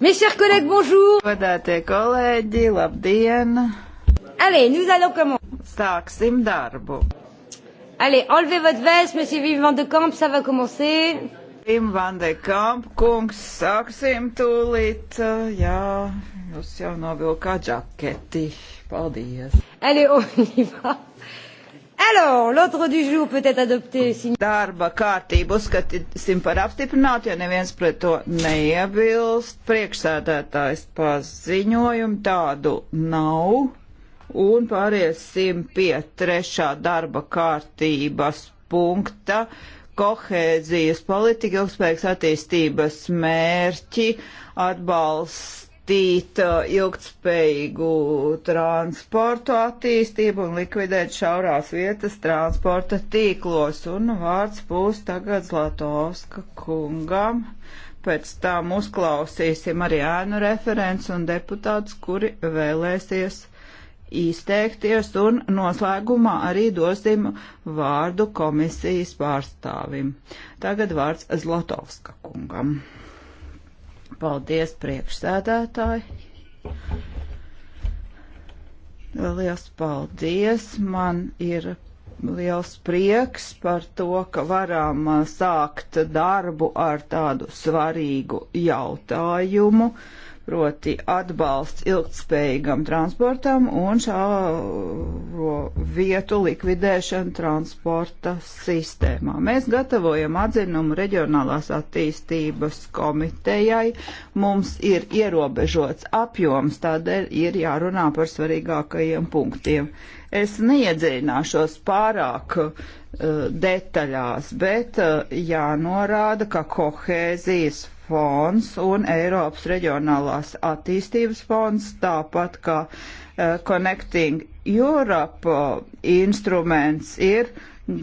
Mes chers collègues, bonjour! Godātie kolēģi, labdien! Allez, nous allons commencer. Sāksim darbu. Allez, enlevez votre veste, monsieur Wim van de Kamp, ça va commencer. Wim van de Kamp, kungs, sāksim tūlīt. Jā, jūs jau novilkāt žaketi. Paldies. Allez, on y va. Alors, l'ordre du jour peut être adopté si... Darba kārtību uzskatīsim par apstiprinātu, ja neviens pret to neiebilst. Priekšsēdētājs paziņojumu tādu nav. Un pāriesim pie trešā darba kārtības punkta kohēzijas politika, ilgspējīgas attīstības mērķi, atbalsts atbalstīt uh, ilgtspējīgu transportu attīstību un likvidēt šaurās vietas transporta tīklos. Un vārds būs tagad Zlatovska kungam. Pēc tam uzklausīsim arī ēnu referents un deputāts, kuri vēlēsies izteikties un noslēgumā arī dosim vārdu komisijas pārstāvim. Tagad vārds Zlatovska kungam. Paldies, priekšsēdētāji. Liels paldies! Man ir liels prieks par to, ka varam uh, sākt darbu ar tādu svarīgu jautājumu proti atbalsts ilgtspējīgam transportam un šā vietu likvidēšana transporta sistēmā. Mēs gatavojam atzinumu reģionālās attīstības komitejai. Mums ir ierobežots apjoms, tādēļ ir jārunā par svarīgākajiem punktiem. Es neiedziļināšos pārāk uh, detaļās, bet uh, jānorāda, ka kohēzijas fonds un Eiropas reģionālās attīstības fonds, tāpat kā uh, Connecting Europe eh, instruments ir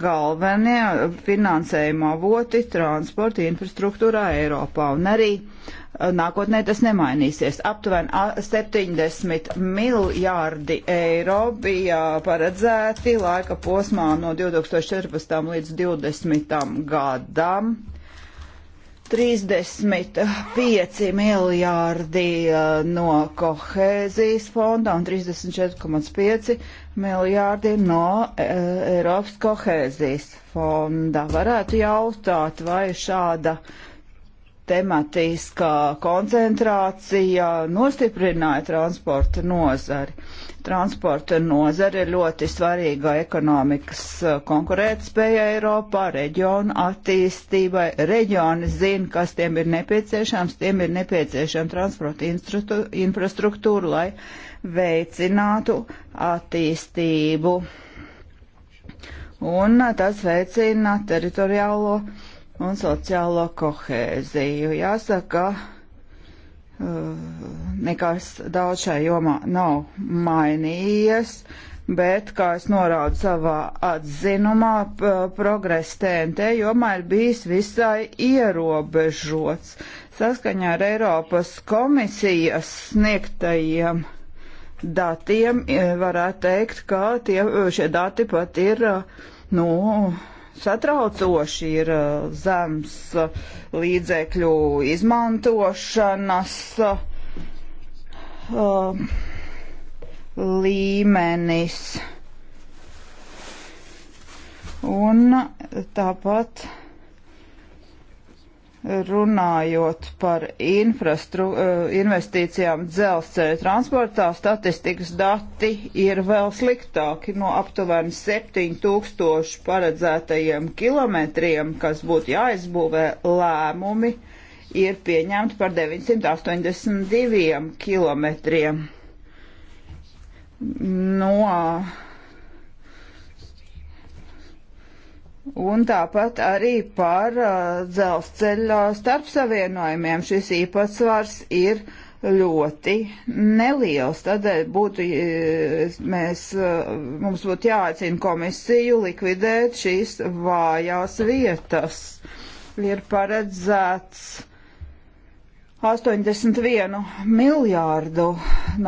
galvenie finansējuma avoti transporta infrastruktūrā Eiropā. Un arī uh, nākotnē tas nemainīsies. Aptuveni 70 miljārdi eiro bija paredzēti laika posmā no 2014. līdz 2020. gadam 35 miljārdi eh, no kohēzijas fonda un 34,5 miljārdi no eh, Eiropas kohēzijas fonda. Varētu jautāt, vai šāda uh, tematiskā koncentrācija nostiprināja transporta nozari. Transporta nozari ir ļoti svarīga ekonomikas eh, konkurētspēja Eiropā, reģionu attīstībai. Reģioni zina, kas tiem ir nepieciešams, tiem ir nepieciešama transporta infrastruktūra, lai veicinātu attīstību. Un eh, tas veicina teritoriālo un sociālo kohēziju. Jāsaka, uh, nekas daudz šajā jomā nav mainījies, bet, kā es norādu savā atzinumā, progress TNT jomā ir bijis visai ierobežots. Saskaņā ar Eiropas komisijas sniegtajiem datiem eh, varētu teikt, ka tie, šie dati pat ir, eh, nu, Satraucoši ir uh, zems uh, līdzekļu izmantošanas uh, līmenis. Un tāpat runājot par infrastru, eh, investīcijām dzelzceļa transportā, statistikas dati ir vēl sliktāki no aptuveni 7000 paredzētajiem kilometriem, kas būtu jāizbūvē lēmumi, ir pieņemti par 982 kilometriem. No Un tāpat arī par uh, dzelzceļa starpsavienojumiem šis īpatsvars ir ļoti neliels. Tādēļ būtu, mēs, uh, mums būtu jāaicina komisiju likvidēt šīs vājās vietas. Ir paredzēts 81 miljārdu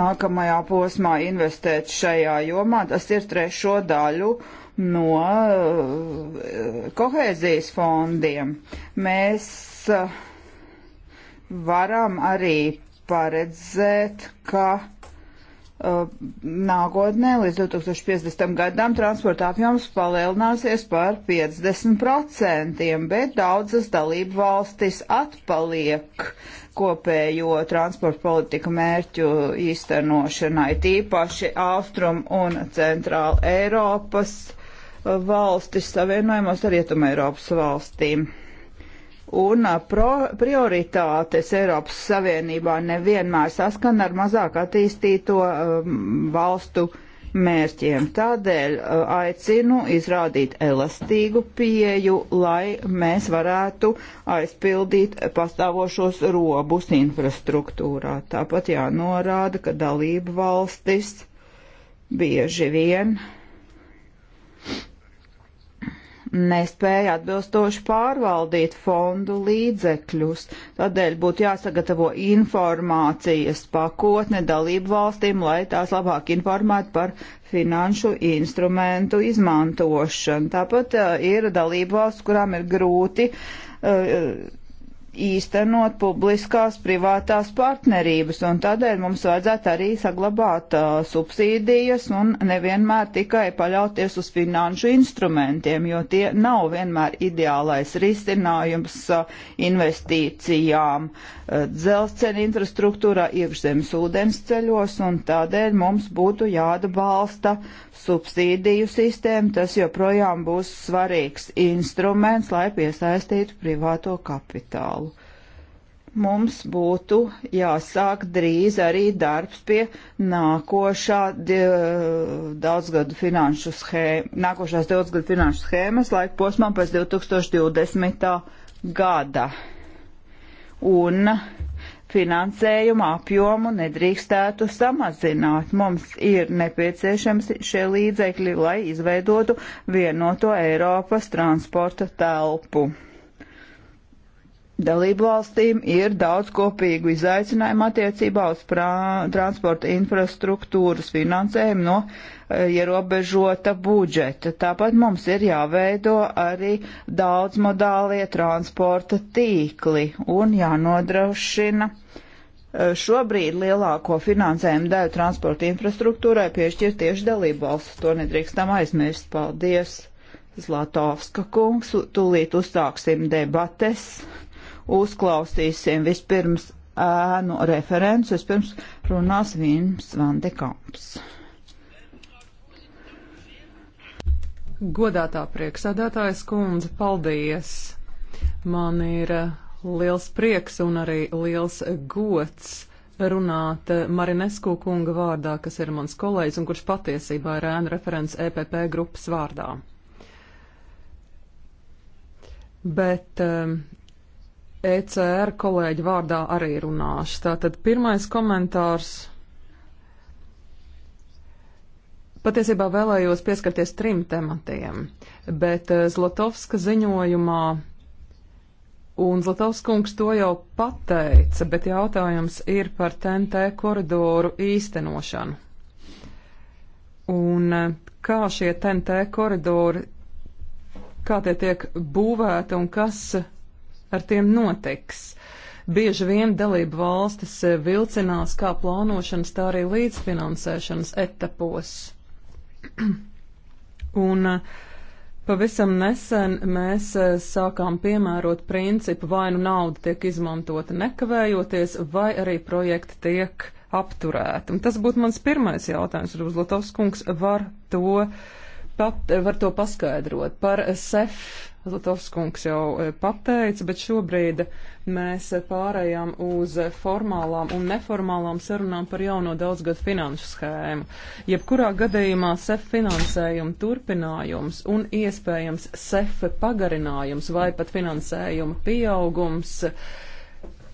nākamajā posmā investēt šajā jomā, tas ir trešo daļu no eh, kohēzijas fondiem. Mēs eh, varam arī paredzēt, ka eh, nākotnē līdz 2050. gadam transporta apjoms palielināsies par 50%, bet daudzas dalību valstis atpaliek kopējo transporta politika mērķu īstenošanai, tīpaši Austrum un Centrāla Eiropas valstis savienojumos ar Rietumē Eiropas valstīm. Un pro, prioritātes Eiropas Savienībā nevienmēr saskana ar mazāk attīstīto um, valstu mērķiem. Tādēļ uh, aicinu izrādīt elastīgu pieju, lai mēs varētu aizpildīt pastāvošos robus infrastruktūrā. Tāpat jānorāda, ka dalību valstis bieži vien uh, nespēja atbilstoši pārvaldīt fondu līdzekļus. Tādēļ būtu jāsagatavo informācijas pakotne dalību valstīm, lai tās labāk informētu par finanšu instrumentu izmantošanu. Tāpat uh, ir dalību valsts, kurām ir grūti uh, īstenot publiskās privātās partnerības, un tādēļ mums vajadzētu arī saglabāt uh, subsīdijas un nevienmēr tikai paļauties uz finanšu instrumentiem, jo tie nav vienmēr ideālais risinājums uh, investīcijām uh, dzelzceļa infrastruktūrā, iekšzemes ūdens ceļos, un tādēļ mums būtu jāatbalsta subsīdiju sistēma, tas joprojām būs svarīgs instruments, lai piesaistītu privāto kapitālu mums būtu jāsāk drīz arī darbs pie nākošā daudzgadu finanšu schēma, nākošās daudzgadu finanšu schēmas laika posmā pēc 2020. gada. Un finansējuma apjomu nedrīkstētu samazināt. Mums ir nepieciešams šie līdzekļi, lai izveidotu vienoto Eiropas transporta telpu. Dalību valstīm ir daudz kopīgu izaicinājumu attiecībā uz transporta infrastruktūras finansējumu no e, ierobežota budžeta. Tāpat mums ir jāveido arī daudzmodālie transporta tīkli un jānodrošina. E, šobrīd lielāko finansējumu daļu transporta infrastruktūrai piešķir tieši dalību valsts. To nedrīkstam aizmirst. Paldies, Zlatovska kungs. Tūlīt uzsāksim debates uzklausīsim vispirms ēnu referents, vispirms runās Vīns Vandekāps. Godātā prieksēdētājas kundze, paldies! Man ir eh, liels prieks un arī liels gods runāt eh, Marinesku kunga vārdā, kas ir mans kolēģis un kurš patiesībā ir ēnu referents EPP grupas vārdā. Bet um, ECR kolēģi vārdā arī runāšu. Tātad pirmais komentārs. Patiesībā vēlējos pieskarties trim tematiem, bet eh, Zlatovska ziņojumā, un Zlatovskungs to jau pateica, bet jautājums ir par TNT koridoru īstenošanu. Un eh, kā šie TNT koridori, kā tie tiek būvēti un kas ar tiem notiks. Bieži vien dalību valstis eh, vilcinās kā plānošanas, tā arī līdzfinansēšanas etapos. Un eh, pavisam nesen mēs eh, sākām piemērot principu, vai nu nauda tiek izmantota nekavējoties, vai arī projekti tiek apturēti. Un tas būtu mans pirmais jautājums, varbūt Lotovs kungs var to, pat, var to paskaidrot par SEF Latovskungs jau e, pateica, bet šobrīd mēs pārējām uz formālām un neformālām sarunām par jauno daudzgadu finanšu schēmu. Jebkurā gadījumā SEF finansējuma turpinājums un iespējams SEF pagarinājums vai pat finansējuma pieaugums.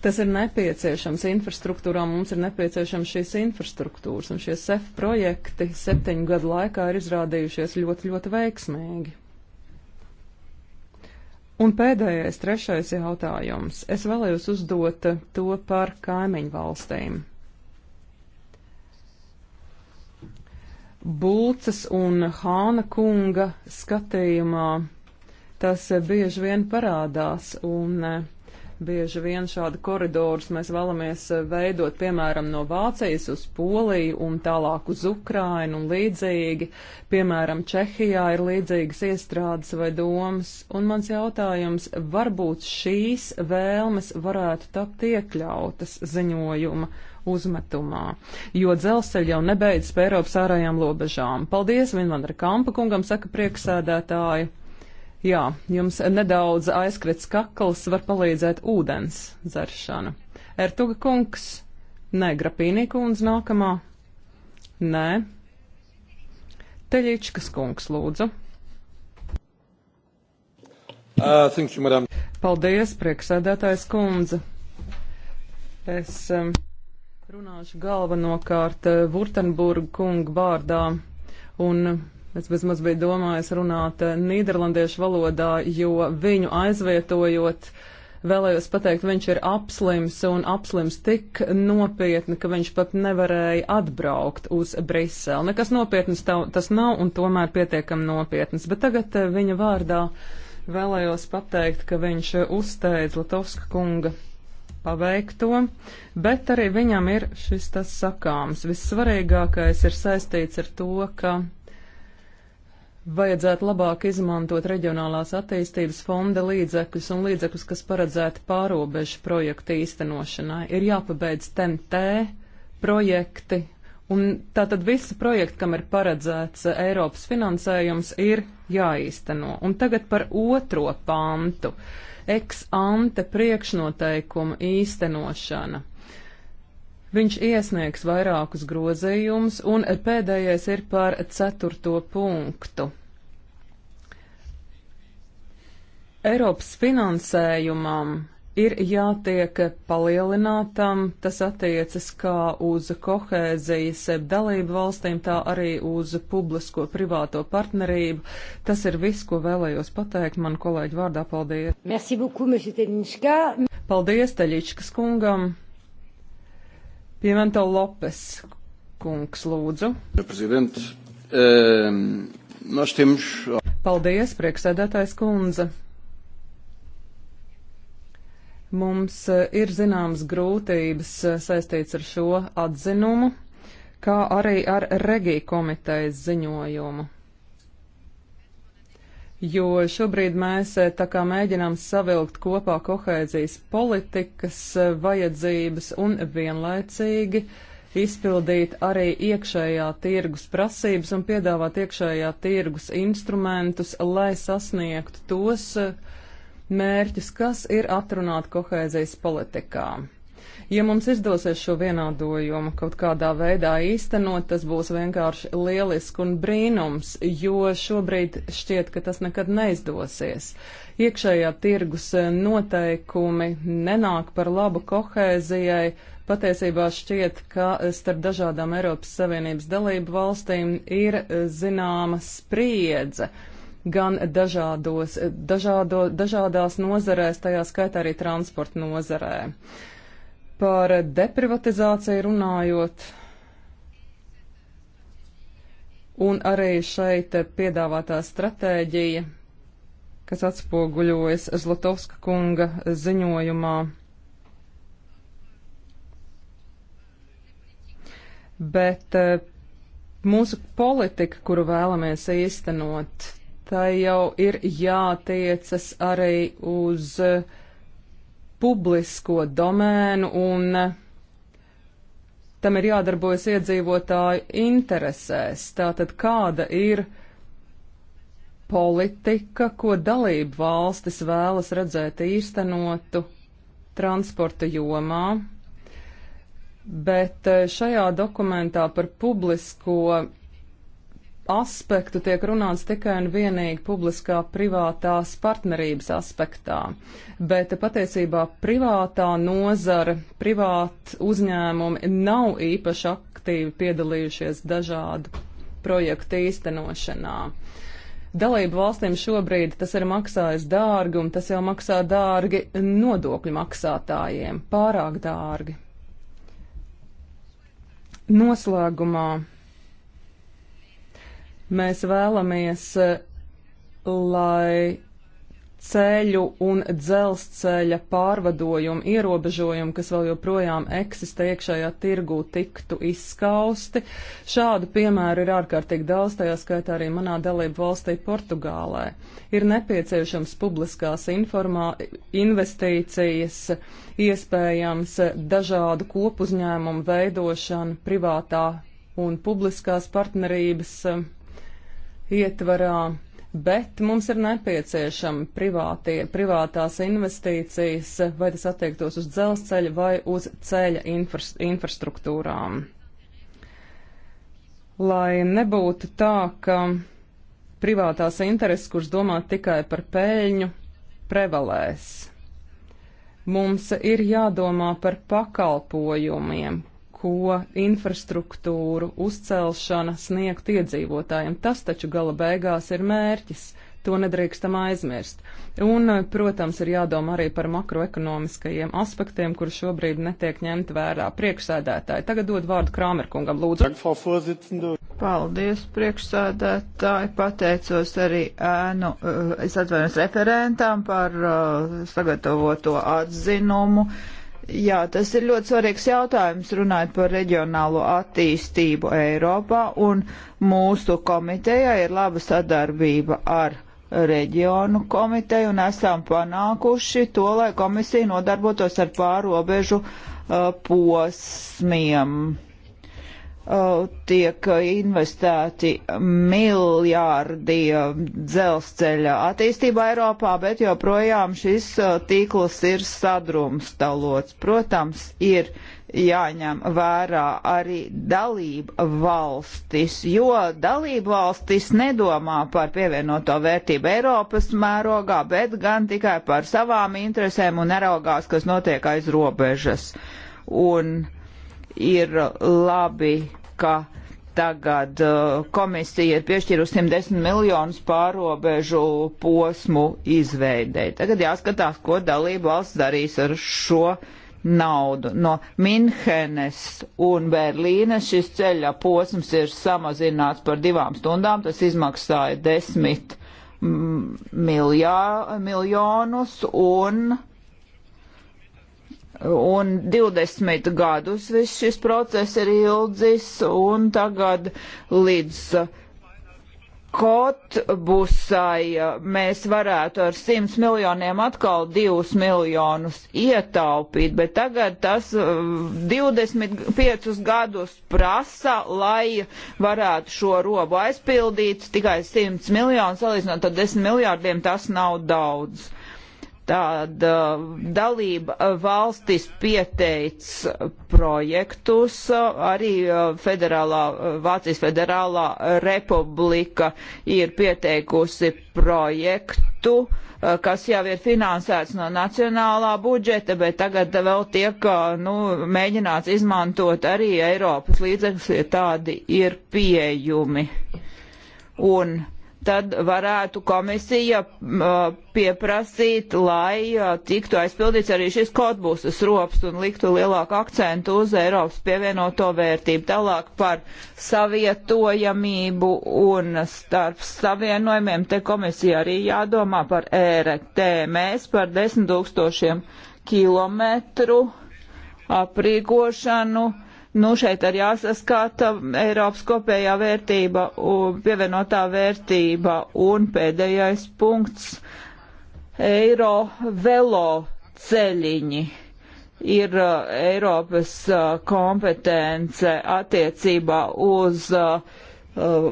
Tas ir nepieciešams infrastruktūrām, mums ir nepieciešams šīs infrastruktūras, un šie SEF projekti septiņu gadu laikā ir izrādījušies ļoti, ļoti veiksmīgi. Un pēdējais, trešais jautājums. Es vēlējos uzdot to par kaimiņu valstīm. Bulces un Hāna kunga skatījumā tas bieži vien parādās, un Bieži vien šādi koridorus mēs vēlamies eh, veidot, piemēram, no Vācijas uz Poliju un tālāk uz Ukrainu un līdzīgi. Piemēram, Čehijā ir līdzīgas iestrādes vai domas, un mans jautājums, varbūt šīs vēlmes varētu tapt iekļautas ziņojuma uzmetumā, jo dzelzceļi jau nebeidzas pie Eiropas ārējām robežām. Paldies Vinvandra Kampa kungam, saka prieksēdētāji. Jā, jums nedaudz aizkrits kakls var palīdzēt ūdens dzeršana. Ertuga kungs, nē, Grapīnī kundze nākamā, nē, Teļičkas kungs lūdzu. Uh, you, madam. Paldies, prieksēdētājs kundze. Es um, runāšu galvenokārt Vurtenburgu uh, kungu vārdā un Es vismaz biju domājis runāt eh, nīderlandiešu valodā, jo viņu aizvietojot, vēlējos pateikt, viņš ir apslims un apslims tik nopietni, ka viņš pat nevarēja atbraukt uz Briseli. Nekas nopietnas tas nav un tomēr pietiekami nopietnas. Bet tagad eh, viņa vārdā vēlējos pateikt, ka viņš eh, uzteica Latovska kunga paveikto, bet arī viņam ir šis tas sakāms. Vissvarīgākais ir saistīts ar to, ka Vajadzētu labāk izmantot reģionālās attīstības fonda līdzekļus un līdzekļus, kas paredzēti pārobežu projektu īstenošanai. Ir jāpabeidz TNT projekti, un tātad visi projekti, kam ir paredzēts Eiropas finansējums, ir jāīsteno. Un tagad par otro pantu - ex ante priekšnoteikumu īstenošana. Viņš iesniegs vairākus grozījumus, un pēdējais ir par ceturto punktu. Eiropas finansējumam ir jātiek palielinātam, tas attiecas kā uz kohēzijas dalību valstīm, tā arī uz publisko privāto partnerību. Tas ir viss, ko vēlējos pateikt man kolēģi vārdā. Paldies! Merci beaucoup, Paldies Teļičkas kungam! Pimento Lopes kungs, lūdzu. Ehm, Paldies, prieksēdētājs kundze. Mums eh, ir zināmas grūtības eh, saistīts ar šo atzinumu, kā arī ar Regija komitejas ziņojumu jo šobrīd mēs eh, tā kā mēģinām savilkt kopā kohēzijas politikas eh, vajadzības un vienlaicīgi izpildīt arī iekšējā tirgus prasības un piedāvāt iekšējā tirgus instrumentus, lai sasniegtu tos eh, mērķus, kas ir atrunāti kohēzijas politikām. Ja mums izdosies šo vienādojumu kaut kādā veidā īstenot, tas būs vienkārši lieliski un brīnums, jo šobrīd šķiet, ka tas nekad neizdosies. Iekšējā tirgus eh, noteikumi nenāk par labu kohēzijai. Patiesībā šķiet, ka eh, starp dažādām Eiropas Savienības dalību valstīm ir eh, zināma spriedze gan dažādos, dažādo, dažādās nozarēs, tajā skaitā arī transporta nozarē. Par deprivatizāciju runājot, un arī šeit piedāvātā stratēģija, kas atspoguļojas Zlatovska kunga ziņojumā. Bet eh, mūsu politika, kuru vēlamies īstenot, tai jau ir jātiecas arī uz uh, publisko domēnu un eh, tam ir jādarbojas iedzīvotāju interesēs. Tātad kāda ir politika, ko dalību valstis vēlas redzēt īstenotu transporta jomā, bet eh, šajā dokumentā par publisko aspektu tiek runāts tikai un vienīgi publiskā privātās partnerības aspektā, bet patiesībā privātā nozara, privāta uzņēmumi nav īpaši aktīvi piedalījušies dažādu projektu īstenošanā. Dalību valstīm šobrīd tas ir maksājis dārgi, un tas jau maksā dārgi nodokļu maksātājiem - pārāk dārgi. Noslēgumā Mēs vēlamies, eh, lai ceļu un dzelzceļa pārvadojumu ierobežojumu, kas vēl joprojām eksistē iekšējā tirgū, tiktu izskausti. Šādu piemēru ir ārkārtīgi daudz, tajā skaitā arī manā dalību valstī Portugālē. Ir nepieciešams publiskās informā, investīcijas, iespējams dažādu kopuzņēmumu veidošana privātā un publiskās partnerības eh, ietvarā, bet mums ir nepieciešama privātie, privātās investīcijas, vai tas attiektos uz dzelzceļa vai uz ceļa infras, infrastruktūrām. Lai nebūtu tā, ka privātās intereses, kuras domā tikai par peļņu, prevalēs. Mums ir jādomā par pakalpojumiem, ko infrastruktūru uzcelšana sniegt iedzīvotājiem. Tas taču gala beigās ir mērķis. To nedrīkstam aizmirst. Un, protams, ir jādomā arī par makroekonomiskajiem aspektiem, kur šobrīd netiek ņemt vērā priekšsēdētāji. Tagad dod vārdu Krāmerkungam, lūdzu. Paldies, priekšsēdētāji. Pateicos arī ēnu, eh, es atvainojos referentām par eh, sagatavoto atzinumu. Uh, Jā, tas ir ļoti svarīgs jautājums runājot par reģionālo attīstību Eiropā, un mūsu komitejā ir laba sadarbība ar reģionu komiteju, un esam panākuši to, lai komisija nodarbotos ar pārobežu uh, posmiem. Uh, tiek investēti miljārdi uh, dzelzceļa attīstībā Eiropā, bet joprojām šis uh, tīkls ir sadrumstalots. Protams, ir jāņem vērā arī dalība valstis, jo dalība valstis nedomā par pievienoto vērtību Eiropas mērogā, bet gan tikai par savām interesēm un neraugās, kas notiek aiz robežas. Un, uh, ir labi, ka tagad uh, komisija ir piešķirusi 110 miljonus pārobežu posmu izveidei. Tagad jāskatās, ko dalība valsts darīs ar šo naudu. No Minhenes un Berlīnes šis ceļa posms ir samazināts par divām stundām. Tas izmaksāja desmit miljā, miljonus un Un 20 gadus viss šis process ir ilgs, un tagad līdz kaut busai uh, mēs varētu ar 100 miljoniem atkal 2 miljonus ietaupīt, bet tagad tas 25 uh, gadus prasa, lai varētu šo robu aizpildīt tikai 100 miljonus, salīdzinot ar 10 miljārdiem tas nav daudz. Uh, Tāda dalība valstis pieteic projektus, arī uh, federālā, uh, Vācijas federālā republika ir pieteikusi projektu, uh, kas jau ir finansēts no nacionālā budžeta, bet tagad vēl tiek nu, mēģināts izmantot arī Eiropas līdzekļus, ja tādi ir pieejumi. Un tad varētu komisija pieprasīt, lai tiktu aizpildīts arī šis kodbūsas rops un liktu lielāku akcentu uz Eiropas pievienoto vērtību. Tālāk par savietojamību un starp savienojumiem te komisija arī jādomā par ērtē. Mēs par desmit tūkstošiem kilometru aprīkošanu Nu, šeit arī jāsaskata Eiropas kopējā vērtība, pievienotā vērtība un pēdējais punkts - eiro velo ceļiņi ir uh, Eiropas uh, kompetence attiecībā uz uh, uh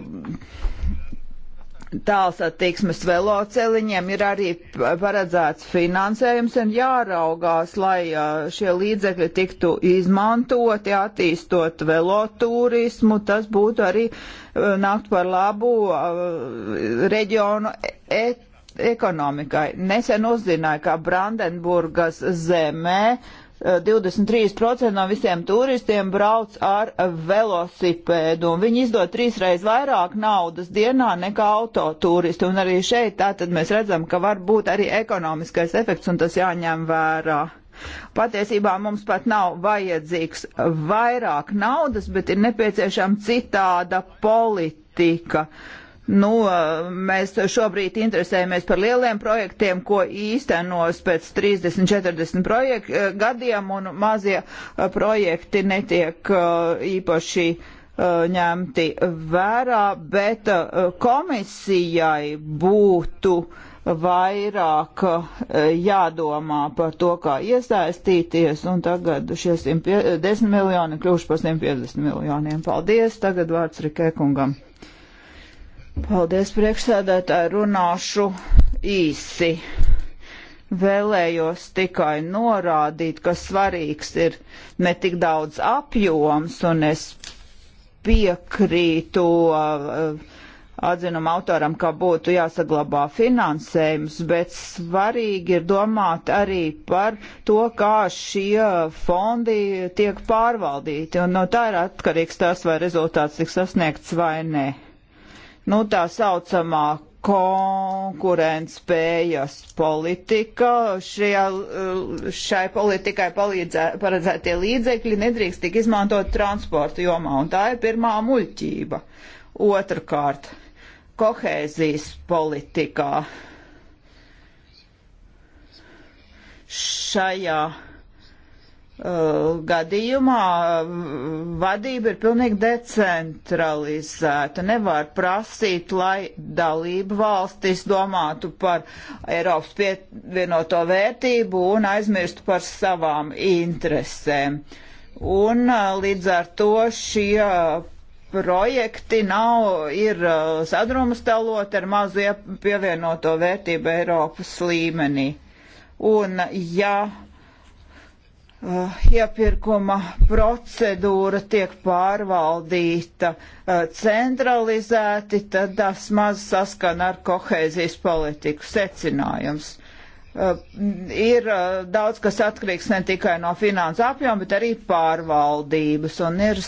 Tālsatiksmes veloceliņiem ir arī paredzēts finansējums un jāraugās, lai šie līdzekļi tiktu izmantoti, attīstot velotūrismu. Tas būtu arī nākt par labu reģionu e, e ekonomikai. Nesen uzzināju, ka Brandenburgas zemē 23% eh, no visiem turistiem brauc ar velosipēdu, un viņi izdod trīsreiz vairāk naudas dienā nekā autoturisti. Un arī šeit tātad mēs redzam, ka var būt arī ekonomiskais efekts, un tas jāņem vērā. Patiesībā mums pat nav vajadzīgs vairāk naudas, bet ir nepieciešama citāda politika. Uh, Nu, mēs šobrīd interesējamies par lieliem projektiem, ko īstenos pēc 30, 40 projekt, gadiem, un mazie uh, projekti netiek uh, īpaši uh, ņemti vērā, bet komisijai būtu vairāk jādomā par to, kā iesaistīties, un tagad šie 110 miljoni kļūst par 150 miljoniem. Paldies, tagad vārds Rikē kungam. Paldies, priekšsēdētāji, runāšu īsi. Vēlējos tikai norādīt, ka svarīgs ir ne tik daudz apjoms, un es piekrītu uh, atzinuma autoram, ka būtu jāsaglabā finansējums, bet svarīgi ir domāt arī par to, kā šie fondi tiek pārvaldīti, un no tā ir atkarīgs tas, vai rezultāts tiks sasniegts vai nē. Ne nu, tā saucamā konkurētspējas politika. Šajā, uh, šai politikai palīdzē, paredzētie līdzekļi nedrīkst tik izmantot transporta jomā, un tā ir pirmā muļķība. Otrakārt, kohēzijas politikā. Šajā Uh, gadījumā uh, vadība ir pilnīgi decentralizēta. Nevar prasīt, lai dalību valstis domātu par Eiropas pievienoto vērtību un aizmirstu par savām interesēm. Un uh, līdz ar to šie projekti nav, ir sadrumstalot ar mazu pievienoto vērtību Eiropas līmenī. Un ja Uh, iepirkuma procedūra tiek pārvaldīta uh, centralizēti, tad tas maz saskan ar kohēzijas politiku secinājums. Uh, ir daudz, kas atkarīgs ne tikai no finansu apjoma, bet arī pārvaldības, un ir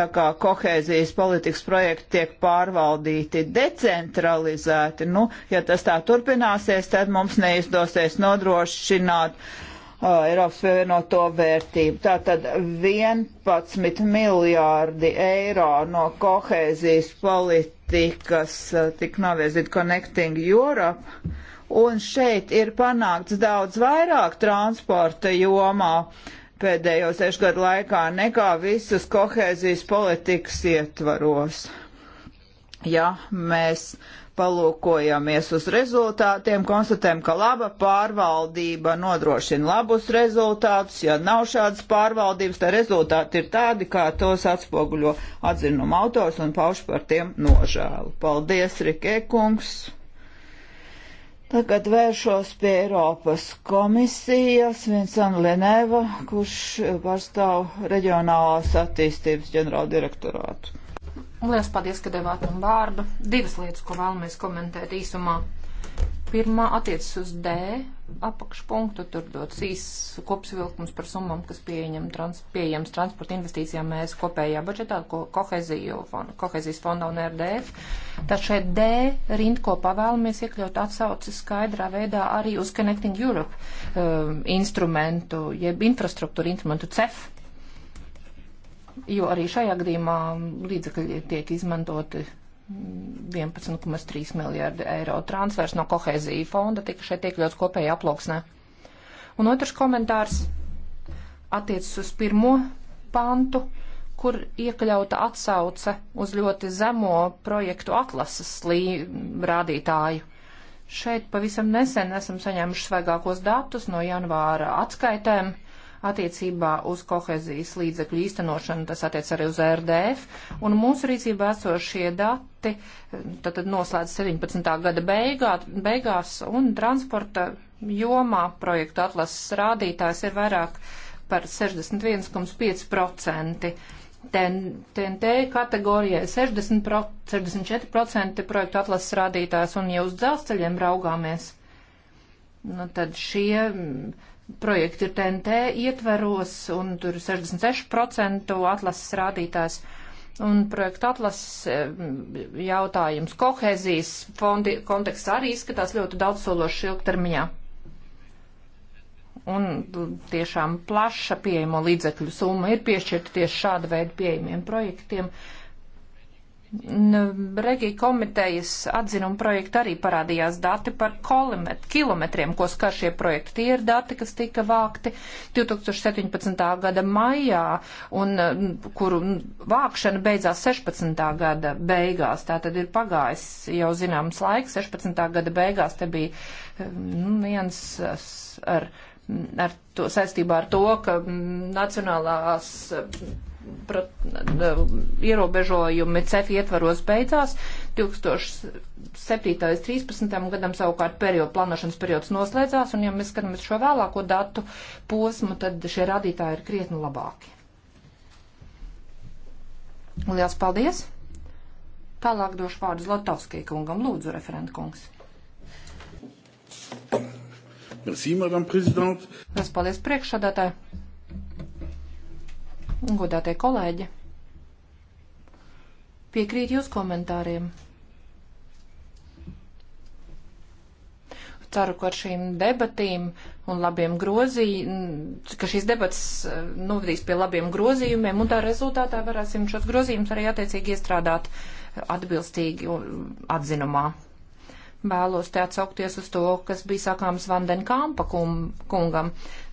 tā kā kohēzijas politikas projekti tiek pārvaldīti decentralizēti, nu, ja tas tā turpināsies, tad mums neizdosies nodrošināt uh, Eiropas pievienoto vērtību. Tātad 11 miljārdi eiro no kohēzijas politikas tik novirzīti Connecting Europe. Un šeit ir panākts daudz vairāk transporta jomā pēdējo sešu gadu laikā nekā visas kohēzijas politikas ietvaros. Ja mēs palūkojamies uz rezultātiem, konstatējam, ka laba pārvaldība nodrošina labus rezultātus. Ja nav šādas pārvaldības, tad rezultāti ir tādi, kā tos atspoguļo atzinuma autors un pauž par tiem nožēlu. Paldies, Rikē kungs! Tagad vēršos pie Eiropas komisijas. Vincent Leneva, kurš pārstāv reģionālās attīstības ģenerāldirektorātu. Un liels paldies, ka devāt man vārdu. Divas lietas, ko vēlamies komentēt īsumā. Pirmā attiecas uz D apakšpunktu, tur dots īsts kopsvilkums par summām, kas pieejam trans, pieejams transporta investīcijām mēs kopējā budžetā, ko, fond, kohezijas fonda un RDF. Tad šeit D rindkopā vēlamies iekļaut atsauci skaidrā veidā arī uz Connecting Europe um, instrumentu, jeb infrastruktūra instrumentu CEF jo arī šajā gadījumā līdzekļi tiek izmantoti 11,3 miljārdi eiro. Transfers no kohēzija fonda tika šeit iekļauts kopējā aploksnē. Un otrs komentārs attiecas uz pirmo pantu, kur iekļauta atsauce uz ļoti zemo projektu atlases rādītāju. Šeit pavisam nesen esam saņēmuši svaigākos datus no janvāra atskaitēm attiecībā uz kohezijas līdzekļu īstenošanu, tas attiec arī uz RDF, un mūsu rīcībā esošie dati tad noslēdz 17. gada beigā, beigās, un transporta jomā projektu atlases rādītājs ir vairāk par 61,5%. TNT kategorijai 60 pro, 64% projektu atlases rādītājs, un ja uz dzelzceļiem raugāmies, nu tad šie projekti ir TNT ietveros, un tur ir 66% atlases rādītājs. Un projekta atlases eh, jautājums kohēzijas fondi konteksts arī izskatās ļoti daudzsološi ilgtermiņā. Un tiešām plaša pieejamo līdzekļu summa ir piešķirta tieši šāda veida pieejamiem projektiem. Uh, Regija komitejas atzinuma projekta arī parādījās dati par kolimet, kilometriem, ko skar šie projekti. Tie ir dati, kas tika vākti 2017. gada maijā, un kuru vākšana beidzās 16. gada beigās. Tā tad ir pagājis jau zināms laiks. 16. gada beigās te bija nu, viens ar ar to saistībā ar to, ka nacionālās pro, ierobežojumi CEF ietvaros beidzās. 2007.13. gadam savukārt periodu, plānošanas periods noslēdzās, un ja mēs skatāmies šo vēlāko datu posmu, tad šie rādītāji ir krietni labāki. Lielas paldies! Tālāk došu vārdu Zlatovskijai kungam. Lūdzu, referent kungs. Merci, madame prezidente. Lielas paldies priekšsādātāji godātie kolēģi. Piekrīt jūs komentāriem. Ceru, ka ar šīm debatīm un labiem grozījumiem, ka šīs debats eh, novadīs pie labiem grozījumiem, un tā rezultātā varēsim šos grozījumus arī attiecīgi iestrādāt atbilstīgi atzinumā. Vēlos te atsaukties uz to, kas bija sakāms Vandenkampa kungam,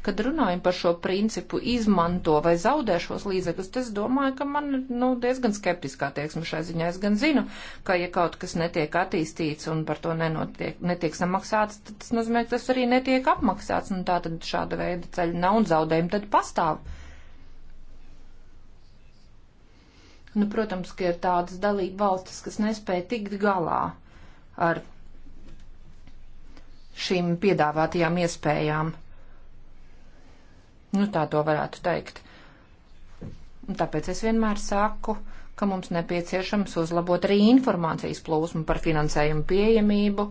kad runājam par šo principu izmanto vai zaudē šos līdzekļus. Es domāju, ka man nu, diezgan skeptiskā tieksme šai ziņā. Es gan zinu, ka ja kaut kas netiek attīstīts un par to nenotiek, netiek samaksāts, tad tas nozīmē, ka tas arī netiek apmaksāts. Un tā tad šāda veida ceļa nav un zaudējumi tad pastāv. Nu, protams, ka ir tādas dalība valstis, kas nespēja tikt galā ar šīm piedāvātajām iespējām. Nu, tā to varētu teikt. Un tāpēc es vienmēr saku, ka mums nepieciešams uzlabot arī informācijas plūsmu par finansējumu pieejamību,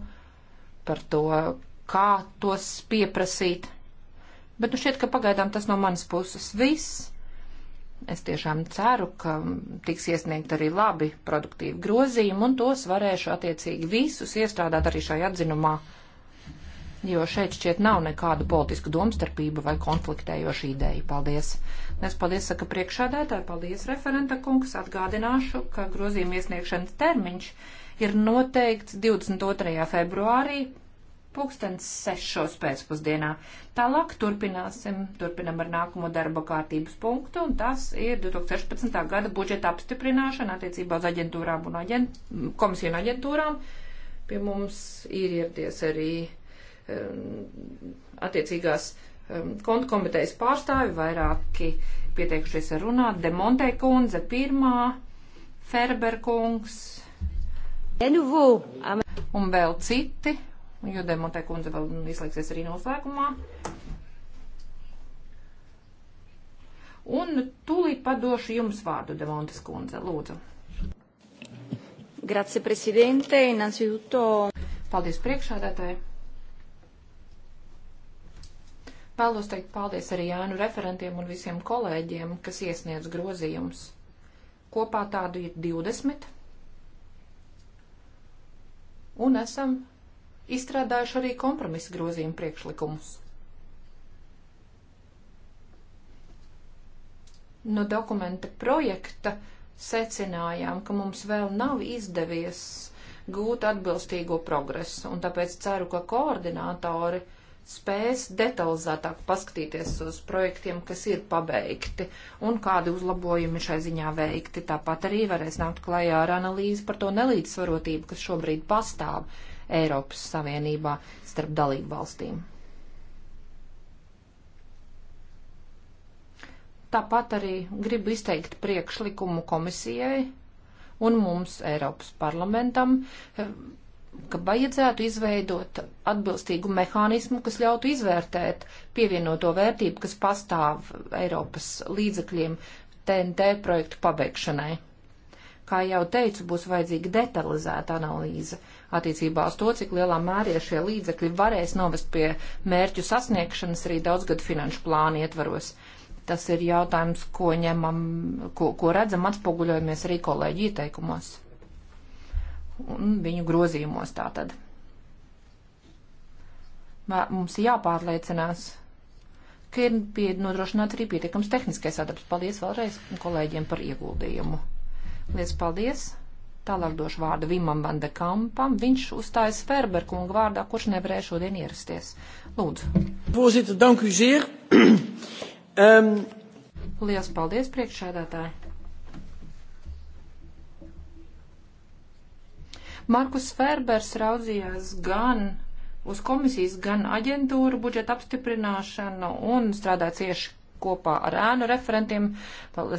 par to, kā tos pieprasīt. Bet nu šķiet, ka pagaidām tas no manas puses viss. Es tiešām ceru, ka tiks iesniegt arī labi produktīvi grozījumi, un tos varēšu attiecīgi visus iestrādāt arī šajā atzinumā jo šeit šķiet nav nekādu politisku domstarpību vai konfliktējošu ideju. Paldies! Es paldies, saka priekšādētāji, paldies referenta kungs, atgādināšu, ka grozījuma iesniegšanas termiņš ir noteikts 22. februārī pulkstens sešos pēcpusdienā. Tālāk turpināsim, turpinam ar nākamo darba kārtības punktu, un tas ir 2016. gada budžeta apstiprināšana attiecībā uz aģentūrām un aģent, komisiju un aģentūrām. Pie mums ir ieradies arī Um, attiecīgās um, kontu komitejas pārstāvi, vairāki pieteikušies runāt. Demonte kundze pirmā, Ferber kungs. Un vēl citi, jo Demonte kundze vēl izslēgsies arī noslēgumā. Un tūlīt padošu jums vārdu, Demontes kundze, lūdzu. Grazie, prezidente, innanzitutto. Paldies priekšādātāji. Vēlos teikt paldies arī Jānu referentiem un visiem kolēģiem, kas iesniedz grozījumus. Kopā tādu ir 20. Un esam izstrādājuši arī kompromisa grozījumu priekšlikumus. No dokumenta projekta secinājām, ka mums vēl nav izdevies gūt atbilstīgo progresu, un tāpēc ceru, ka koordinātori – spēs detalizētāk paskatīties uz projektiem, kas ir pabeigti un kādi uzlabojumi šai ziņā veikti. Tāpat arī varēs nākt klajā ar analīzi par to nelīdzsvarotību, kas šobrīd pastāv Eiropas Savienībā starp dalību valstīm. Tāpat arī gribu izteikt priekšlikumu komisijai un mums Eiropas parlamentam ka vajadzētu izveidot atbilstīgu mehānismu, kas ļautu izvērtēt pievienoto vērtību, kas pastāv Eiropas līdzekļiem TNT projektu pabeigšanai. Kā jau teicu, būs vajadzīga detalizēta analīze attiecībā uz to, cik lielā mērā šie līdzekļi varēs novest pie mērķu sasniegšanas arī daudzgadu finanšu plānu ietvaros. Tas ir jautājums, ko ņemam, ko, ko redzam atspoguļojamies arī kolēģi ieteikumos un viņu grozījumos tātad. Mums ir jāpārliecinās, ka ir pie, nodrošināts arī pietiekams tehniskais sadarbs. Paldies vēlreiz kolēģiem par ieguldījumu. Lielas paldies! Tālāk došu vārdu Vimam Vanda Kampam. Viņš uzstājas Ferberkunga vārdā, kurš nevarēja šodien ierasties. Lūdzu. Voorzitter, dank u zeer. um... Ehm, Lielas paldies, priekšsēdētāji. Markus Ferbers raudzījās gan uz komisijas, gan aģentūru budžeta apstiprināšanu un strādāja cieši kopā ar ēnu referentiem,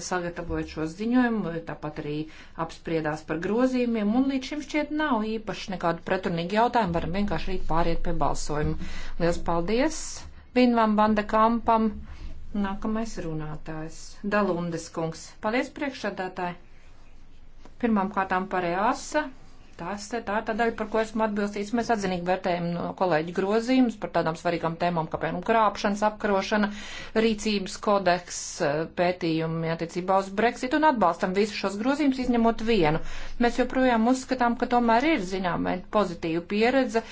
sagatavojot šo ziņojumu, tāpat arī apspriedās par grozījumiem, un līdz šim šķiet nav īpaši nekādu pretrunīgu jautājumu, varam vienkārši rīt pāriet pie balsojuma. Lielas paldies Vinvam Bandekampam, nākamais runātājs, Dalundes kungs. Paldies priekšsādātāji! Pirmām kārtām par EASA Tas tā ir tā daļa, par ko esmu atbilstījis. Mēs atzinīgi vērtējam no kolēģi grozījumus par tādām svarīgām tēmām, kā piemēram krāpšanas apkarošana, rīcības kodeks, eh, pētījumi attiecībā uz Brexit un atbalstam visus šos grozījumus, izņemot vienu. Mēs joprojām uzskatām, ka tomēr ir zināmē pozitīva pieredze,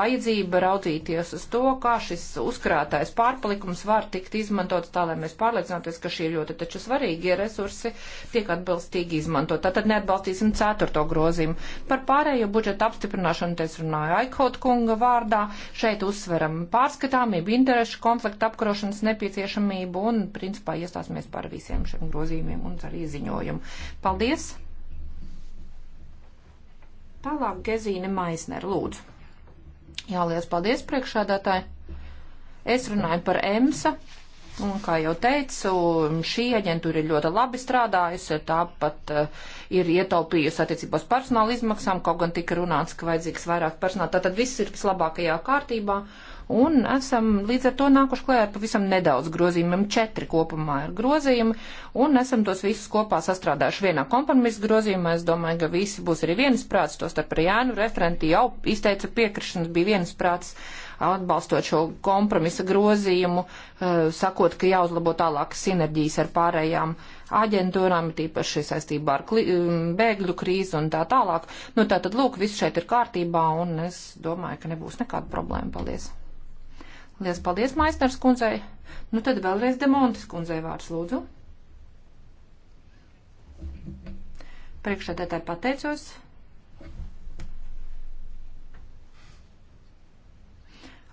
vajadzība raudzīties uz to, kā šis uzkrātais pārpalikums var tikt izmantots tā, lai mēs pārliecinātos, ka šie ļoti taču svarīgie resursi tiek atbilstīgi izmantot. Tātad neatbalstīsim ceturto grozījumu. Par par pārējo budžetu apstiprināšanu, te es runāju Aikot kunga vārdā, šeit uzsveram pārskatāmību, interešu konfliktu apkarošanas nepieciešamību un, principā, iestāsimies par visiem šiem grozījumiem un arī ziņojumu. Paldies! Tālāk Gezīne Maisner, lūdzu. Jā, liels paldies priekšādātāji. Es runāju par EMSA Un, kā jau teicu, šī aģentūra ir ļoti labi strādājusi, tāpat uh, ir ietaupījusi attiecībos personāla izmaksām, kaut gan tika runāts, ka vajadzīgs vairāk personāla. Tātad viss ir vislabākajā kārtībā, un esam līdz ar to nākuši klējā ar pavisam nedaudz grozījumiem. Četri kopumā ir grozījumi, un esam tos visus kopā sastrādājuši vienā kompromisa grozījumā. Es domāju, ka visi būs arī viensprāts, tos starp Jānu referenti jau izteica piekrišanas, bija viensprāts. prāts atbalstot šo kompromisa grozījumu, eh, sakot, ka jāuzlabo tālākas sinerģijas ar pārējām aģentūrām, tīpaši saistībā ar mm, bēgļu krīzi un tā tālāk. Nu, tā tad, lūk, viss šeit ir kārtībā, un es domāju, ka nebūs nekāda problēma. Paldies! Lielas paldies, Maisners kundzei! Nu, tad vēlreiz Demontes kundzei vārds lūdzu. Priekšsēdētāji pateicos.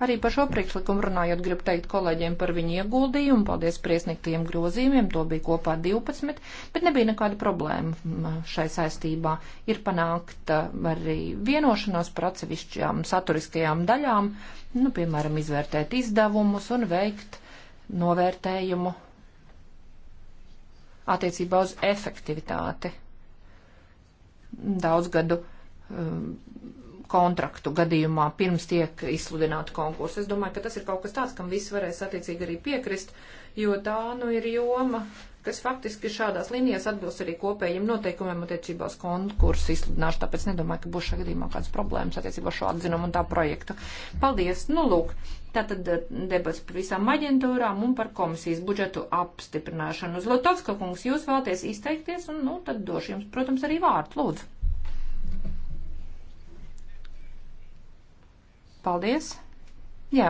Arī par šo priekšlikumu runājot, gribu teikt kolēģiem par viņu ieguldījumu. Paldies par iesniegtajiem grozījumiem, to bija kopā 12, bet nebija nekāda problēma šai saistībā. Ir panākta arī vienošanos par atsevišķām saturiskajām daļām, nu, piemēram, izvērtēt izdevumus un veikt novērtējumu attiecībā uz efektivitāti daudzgadu um, kontraktu gadījumā pirms tiek izsludināta konkursa. Es domāju, ka tas ir kaut kas tāds, kam visi varēs attiecīgi arī piekrist, jo tā nu ir joma, kas faktiski šādās līnijās atbilst arī kopējiem noteikumiem attiecībā uz konkursu izsludināšanu. Tāpēc nedomāju, ka būs šajā gadījumā kādas problēmas attiecībā šo atzinumu un tā projektu. Paldies! Nu, lūk, tātad eh, debats par visām aģentūrām un par komisijas budžetu apstiprināšanu. Uz Lotovska kungs, jūs vēlaties izteikties un, nu, tad došu jums, protams, arī vārdu. Lūdzu! Paldies! Jā.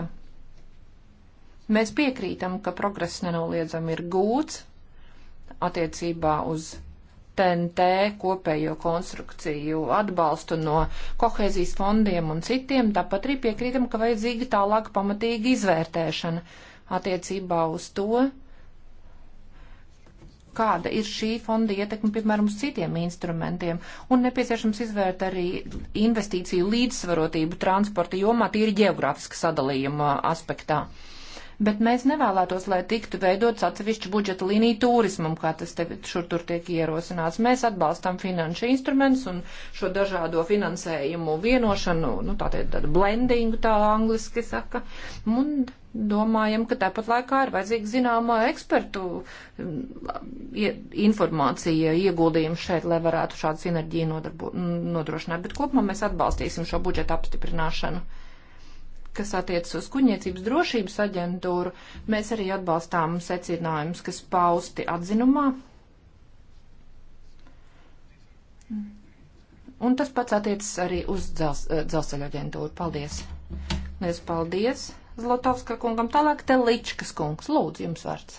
Mēs piekrītam, ka progress nenoliedzami ir gūts attiecībā uz TNT kopējo konstrukciju atbalstu no kohēzijas fondiem un citiem, tāpat arī piekrītam, ka vajadzīga tālāk pamatīga izvērtēšana attiecībā uz to, kāda ir šī fonda ietekme, piemēram, uz citiem instrumentiem. Un nepieciešams izvērt arī investīciju līdzsvarotību transporta jomā, tīri ģeogrāfiska sadalījuma aspektā. Uh, bet mēs nevēlētos, lai tiktu veidots atsevišķa budžeta līnija turismam, kā tas te šur tur tiek ierosināts. Mēs atbalstam finanšu instruments un šo dažādo finansējumu vienošanu, nu tā te tādu blendingu tā angliski saka. Un domājam, ka tāpat laikā ir vajadzīga zināmā ekspertu mm, informācija, ieguldījums šeit, lai varētu šādu sinerģiju nodrošināt. Bet kopumā mēs atbalstīsim šo budžetu apstiprināšanu kas attiecas uz kuģniecības drošības aģentūru, mēs arī atbalstām secinājumus, kas pausti atzinumā. Un tas pats attiecas arī uz dzels, eh, dzelzceļa aģentūru. Paldies! Lies paldies Zlotovska kungam. Tālāk te Ličkas kungs. Lūdzu, jums vārds.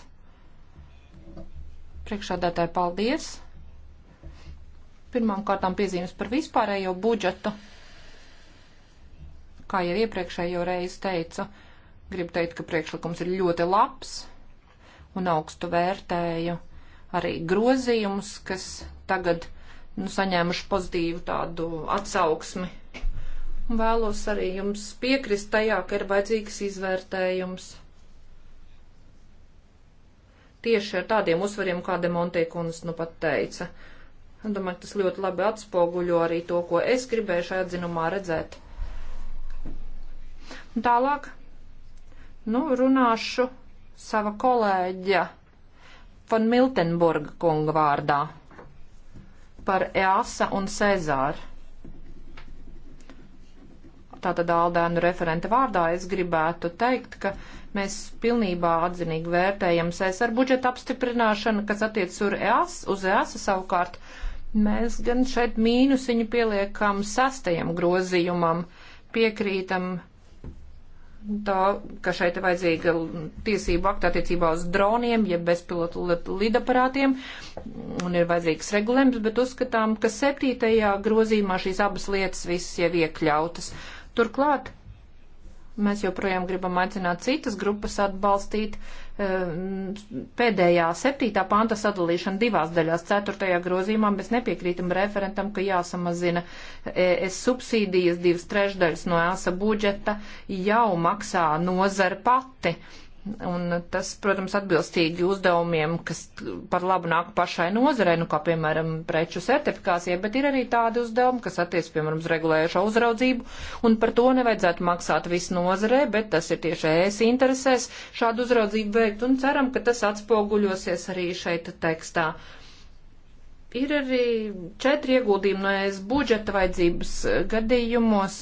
Priekšādātāji, paldies! Pirmām kārtām piezīmes par vispārējo budžetu. Kā jau iepriekšējo reizi teicu, gribu teikt, ka priekšlikums ir ļoti labs un augstu vērtēju arī grozījumus, kas tagad nu, saņēmuši pozitīvu tādu atsauksmi. Vēlos arī jums piekrist tajā, ka ir vajadzīgs izvērtējums. Tieši ar tādiem uzsvariem, kā Demontēkunas nu pat teica. Domāju, tas ļoti labi atspoguļo arī to, ko es gribēju šajā dzinumā redzēt. Un tālāk, nu, runāšu sava kolēģa von Miltenburga kunga vārdā par Easa un Cezāru. Tātad Aldēnu referenta vārdā es gribētu teikt, ka mēs pilnībā atzinīgi vērtējam Cezāru budžeta apstiprināšanu, kas attiec uz EAS, uz EASA savukārt. Mēs gan šeit mīnusiņu pieliekam sastajam grozījumam, piekrītam tā, ka šeit ir vajadzīga tiesība akta attiecībā uz droniem, jeb ja bezpilotu lidaparātiem, un ir vajadzīgs regulējums, bet uzskatām, ka septītajā grozīmā šīs abas lietas visas jau iekļautas. Turklāt mēs joprojām gribam aicināt citas grupas atbalstīt uh, Ehm, pēdējā septītā panta sadalīšana divās daļās. Ceturtajā grozījumā mēs nepiekrītam referentam, ka jāsamazina es subsīdijas divas trešdaļas no ESA budžeta jau maksā nozara pati. Uh, Un tas, protams, atbilstīgi uzdevumiem, kas par labu nāk pašai nozarei, nu kā piemēram preču certifikācija, bet ir arī tādi uzdevumi, kas attiec, piemēram, uz regulējušo uzraudzību, un par to nevajadzētu maksāt visu nozarei, bet tas ir tieši ES interesēs šādu uzraudzību veikt, un ceram, ka tas atspoguļosies arī šeit tekstā. Uh, Ir arī četri ieguldījumi no es budžeta vajadzības eh, gadījumos,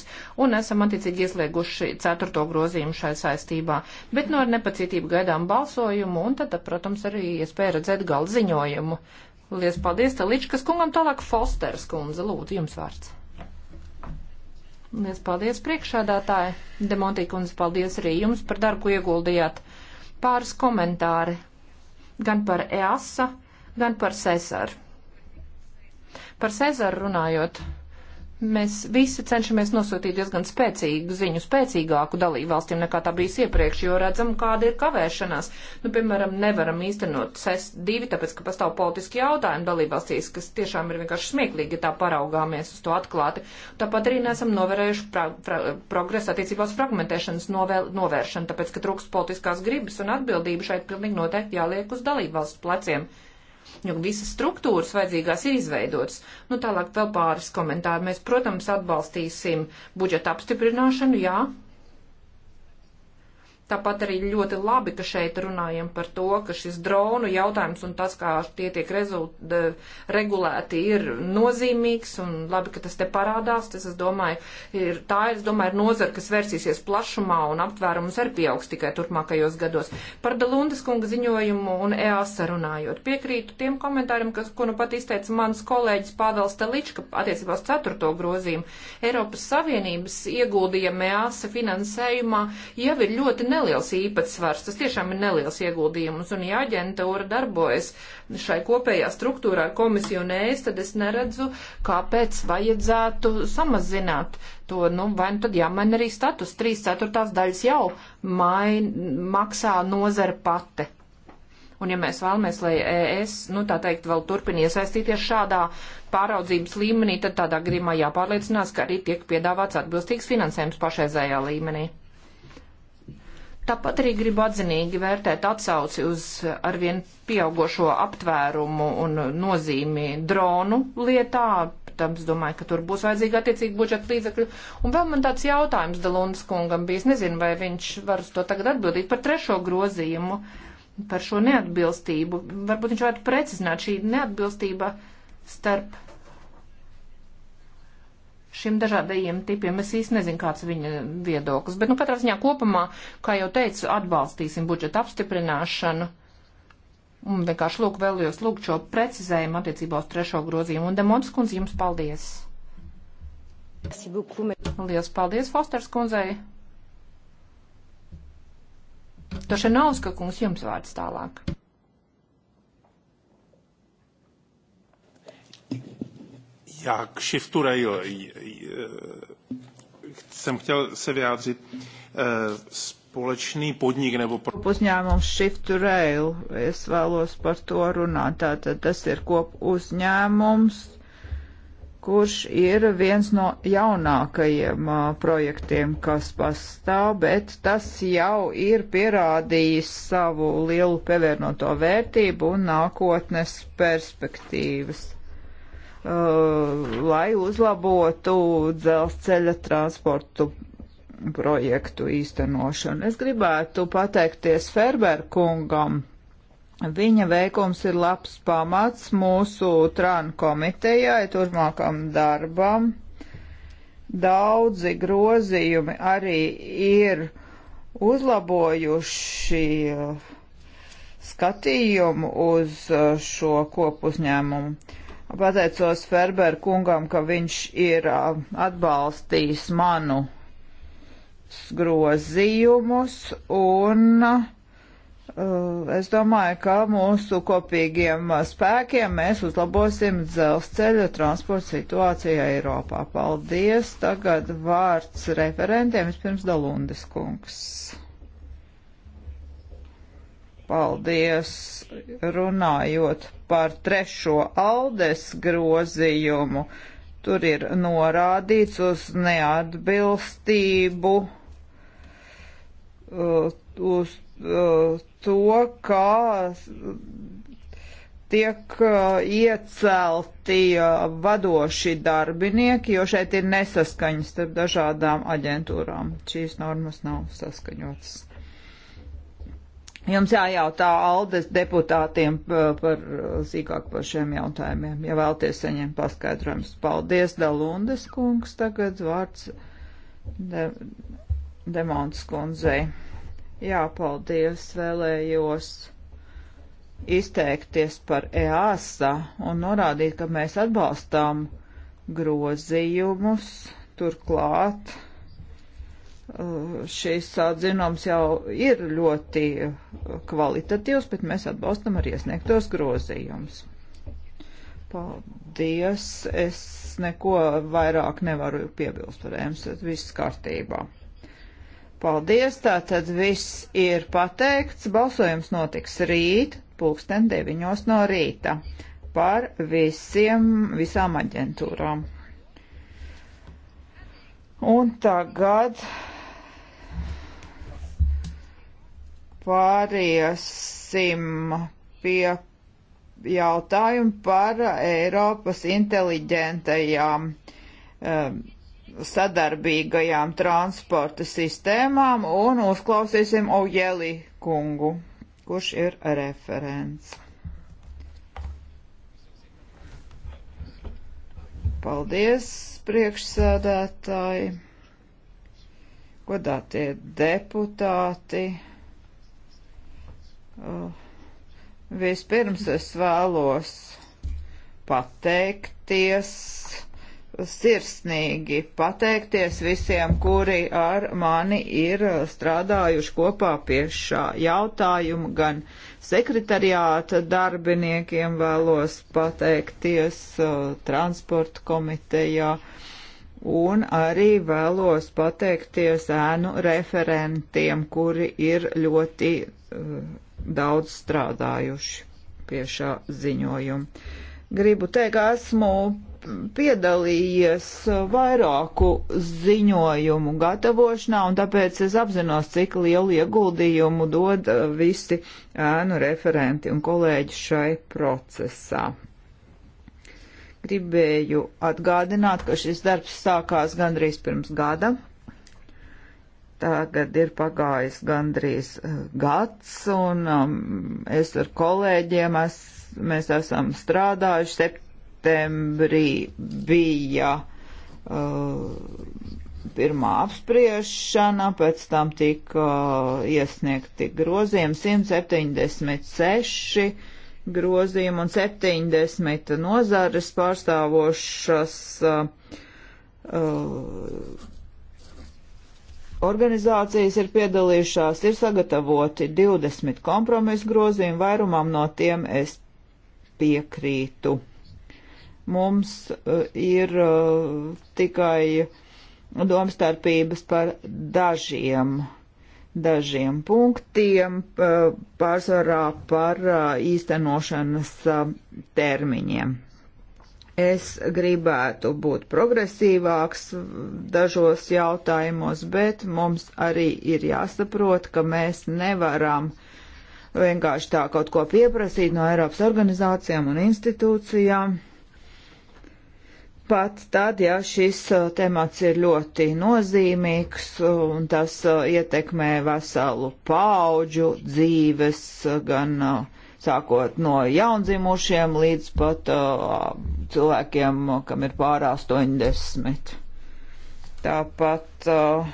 un esam attiecīgi ieslēguši ceturto grozījumu šai saistībā. Bet no nu ar nepacietību gaidām balsojumu, un tad, protams, arī iespēja redzēt gal ziņojumu. Lies paldies Taličkas kungam, tālāk Fosters kundze, lūdzu, jums vārds. Lies paldies priekšādātāji, Demontī kundze, paldies arī jums par darbu ieguldījāt. Pāris komentāri gan par EASA, gan par SESAR Par Cezaru runājot, mēs visi cenšamies nosūtīt diezgan spēcīgu ziņu, spēcīgāku dalību valstīm nekā tā bijis iepriekš, jo redzam, kāda ir kavēšanās. Nu, piemēram, nevaram īstenot SES divi, tāpēc, ka pastāv politiski jautājumi dalību valstīs, kas tiešām ir vienkārši smieklīgi, ja tā paraugāmies uz to atklāti. Tāpat arī nesam novērējuši pra, pra, progresu attiecībās fragmentēšanas novēl, novēršanu, tāpēc, ka trūks politiskās gribas un atbildība šeit pilnīgi noteikti jāliek uz dalību valstu pleciem jo visas struktūras vajadzīgās ir izveidotas. Nu, tālāk vēl pāris komentāri. Mēs, protams, atbalstīsim budžeta apstiprināšanu, jā, Tāpat arī ļoti labi, ka šeit runājam par to, ka šis dronu jautājums un tas, kā tie tiek rezult, regulēti, ir nozīmīgs un labi, ka tas te parādās. Tas, es domāju, ir, tā ir, es domāju, ir nozara, kas versīsies plašumā un aptvērums arī pieaugs tikai turpmākajos gados. Par Dalundas kunga ziņojumu un EASA runājot. Piekrītu tiem komentāriem, kas, ko nu pat izteica mans kolēģis Pādals Telička attiecībā uz ceturto grozījumu. Eiropas Savienības ieguldījumi EASA finansējumā jau ir ļoti nelabāk neliels īpatsvars, tas tiešām ir neliels ieguldījums, un ja aģentūra darbojas šai kopējā struktūrā komisiju un ēst, tad es neredzu, kāpēc vajadzētu samazināt to, nu, vai nu tad jāmaina arī status. 3 ceturtās daļas jau main, maksā nozara pate. Un ja mēs vēlamies, lai ES, nu tā teikt, vēl turpina iesaistīties šādā pāraudzības līmenī, tad tādā grimā jāpārliecinās, ka arī tiek piedāvāts atbilstīgs finansējums pašreizējā līmenī. Tāpat arī gribu atzinīgi vērtēt atsauci uz arvien pieaugošo aptvērumu un nozīmi dronu lietā. Tāpēc domāju, ka tur būs vajadzīgi attiecīgi budžeta līdzekļi. Un vēl man tāds jautājums Dalundas kungam bijis. Nezinu, vai viņš var uz to tagad atbildīt par trešo grozījumu, par šo neatbilstību. Varbūt viņš varētu precizināt šī neatbilstība starp šiem dažādajiem tipiem. Es īsti nezinu, kāds viņa viedoklis, bet, nu, katrā ziņā kopumā, kā jau teicu, atbalstīsim budžeta apstiprināšanu. Un vienkārši lūk, vēlējos lūgt šo precizējumu attiecībā uz trešo grozījumu. Un Demons kundze, jums paldies! Lielas paldies, Fosters kundzei! Tošanauska kungs, jums vārds tālāk. Já k shiftu rail jsem chtěl se vyjádřit. E, společný podnik nebo... Pro... Uzņēmums Shift to Rail, es vēlos par to runāt. Tātad tas ir kop uzņēmums, kurš ir viens no jaunākajiem uh, projektiem, kas pastāv, bet tas jau ir pierādījis savu lielu pievienoto vērtību un nākotnes perspektīvas Uh, lai uzlabotu dzelzceļa transportu projektu īstenošanu. Es gribētu pateikties Ferberkungam. Viņa veikums ir labs pamats mūsu trānu komitejai turpmākam darbam. Daudzi grozījumi arī ir uzlabojuši uh, skatījumu uz uh, šo kopuzņēmumu Pateicos Ferber kungam, ka viņš ir uh, atbalstījis manu grozījumus, un uh, es domāju, ka mūsu kopīgiem spēkiem mēs uzlabosim dzelzceļa transporta situāciju Eiropā. Paldies! Tagad vārds referentiem, vispirms Dalundes kungs. Paldies! Runājot par trešo aldes grozījumu, tur ir norādīts uz neatbilstību, uh, uz uh, to, kā tiek uh, iecelti vadoši darbinieki, jo šeit ir nesaskaņas starp dažādām aģentūrām. Šīs normas nav saskaņotas. Jums jājautā Aldes deputātiem par, par sīkāk par šiem jautājumiem, ja vēlties saņemt paskaidrojumus. Paldies, Dalundes kungs, tagad vārds de, Demons kundzei. Jā, paldies, vēlējos izteikties par EASA un norādīt, ka mēs atbalstām grozījumus turklāt Uh, šis atzinums jau ir ļoti kvalitatīvs, bet mēs atbalstam arī iesniegtos grozījumus. Paldies! Es neko vairāk nevaru piebilst par jums, tad viss kārtībā. Paldies! Tātad viss ir pateikts. Balsojums notiks rīt, pulksten 9 no rīta, par visiem, visām aģentūrām. Un tagad pāriesim pie jautājumu par Eiropas inteliģentajām um, sadarbīgajām transporta sistēmām un uzklausīsim Ojeli kungu, kurš ir referents. Paldies, priekšsēdētāji, godātie deputāti. Uh, vispirms es vēlos pateikties, sirsnīgi pateikties visiem, kuri ar mani ir strādājuši kopā pie šā jautājuma, gan sekretariāta darbiniekiem vēlos pateikties uh, transporta komitejā un arī vēlos pateikties ēnu referentiem, kuri ir ļoti uh, daudz strādājuši pie šā ziņojuma. Gribu teikt, ka esmu piedalījies vairāku ziņojumu gatavošanā, un tāpēc es apzinos, cik lielu ieguldījumu dod uh, visi ēnu referenti un kolēģi šai procesā. Gribēju atgādināt, ka šis darbs sākās gandrīz pirms gada, Tagad ir pagājis gandrīz eh, gads, un um, es ar kolēģiem es, mēs esam strādājuši. Septembrī bija uh, pirmā apspriešana, pēc tam tika uh, iesniegti grozījumi 176 grozījumu un 70 nozares pārstāvošas uh, uh, organizācijas ir piedalījušās, ir sagatavoti 20 kompromisu grozījumi, vairumam no tiem es piekrītu. Mums eh, ir eh, tikai domstarpības par dažiem, dažiem punktiem, eh, pārsvarā par īstenošanas termiņiem. Es gribētu būt progresīvāks dažos jautājumos, bet mums arī ir jāsaprot, ka mēs nevaram vienkārši tā kaut ko pieprasīt no Eiropas organizācijām un institūcijām. Pat tad, ja šis uh, temats ir ļoti nozīmīgs uh, un tas uh, ietekmē veselu pauģu dzīves gan uh, sākot no jaundzimušiem līdz pat uh, cilvēkiem, kam ir pār 80. Tāpat uh,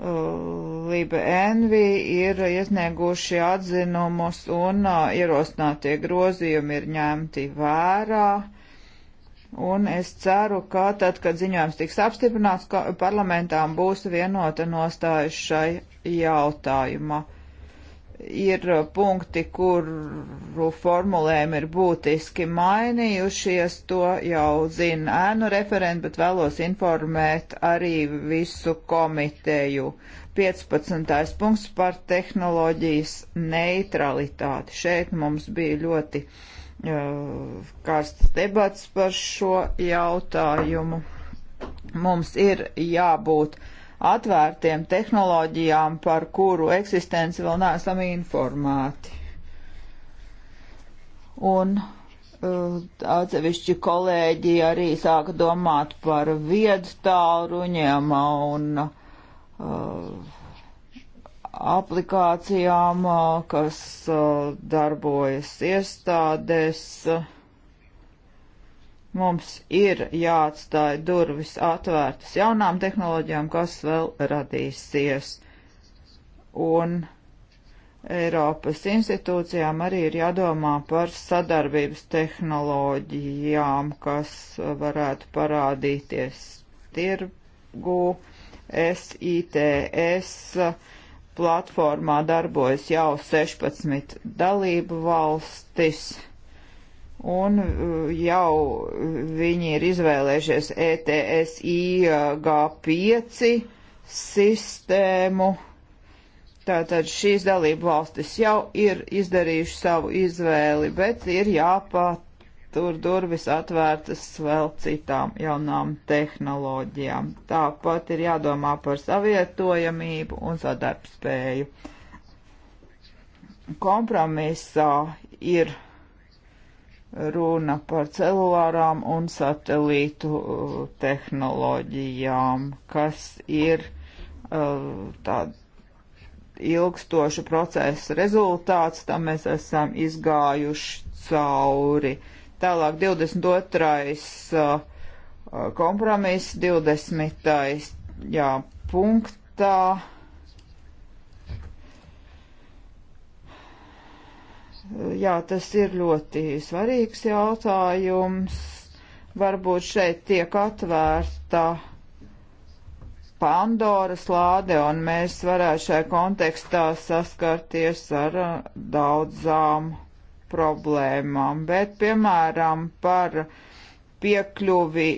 uh Liba Envi ir iesnieguši atzinumus un uh, ierosinātie grozījumi ir ņemti vērā. Un es ceru, ka tad, kad ziņojums tiks apstiprināts, parlamentām būs vienota nostāja šai jautājumā ir punkti, kuru formulējumi ir būtiski mainījušies, to jau zina ēnu referenti, bet vēlos informēt arī visu komiteju. 15. punkts par tehnoloģijas neutralitāti. Šeit mums bija ļoti uh, karsts debats par šo jautājumu. Mums ir jābūt uh, atvērtiem tehnoloģijām, par kuru eksistenci vēl neesam informēti. Un uh, atsevišķi kolēģi arī sāka domāt par viedu tālruņiem un uh, aplikācijām, uh, kas uh, darbojas iestādēs. Uh, Mums ir jāatstāj durvis atvērtas jaunām tehnoloģijām, kas vēl radīsies. Un Eiropas institūcijām arī ir jādomā par sadarbības tehnoloģijām, kas varētu parādīties tirgu. SITS platformā darbojas jau 16 dalību valstis un uh, jau uh, viņi ir izvēlējušies ETSI uh, G5 sistēmu. Tātad šīs dalību valstis jau ir izdarījuši savu izvēli, bet ir jāpatur durvis atvērtas vēl citām jaunām tehnoloģijām. Tāpat ir jādomā par savietojamību un sadarbspēju. Kompromisā ir runa par celulārām un satelītu uh, tehnoloģijām, kas ir uh, tāda ilgstoša procesa rezultāts, tam mēs esam izgājuši cauri. Tālāk 22. Uh, kompromiss, 20. Jā, punktā jā, tas ir ļoti svarīgs jautājums. Varbūt šeit tiek atvērta Pandoras lāde, un mēs varētu šajā kontekstā saskarties ar uh, daudzām problēmām. Bet, piemēram, par piekļuvi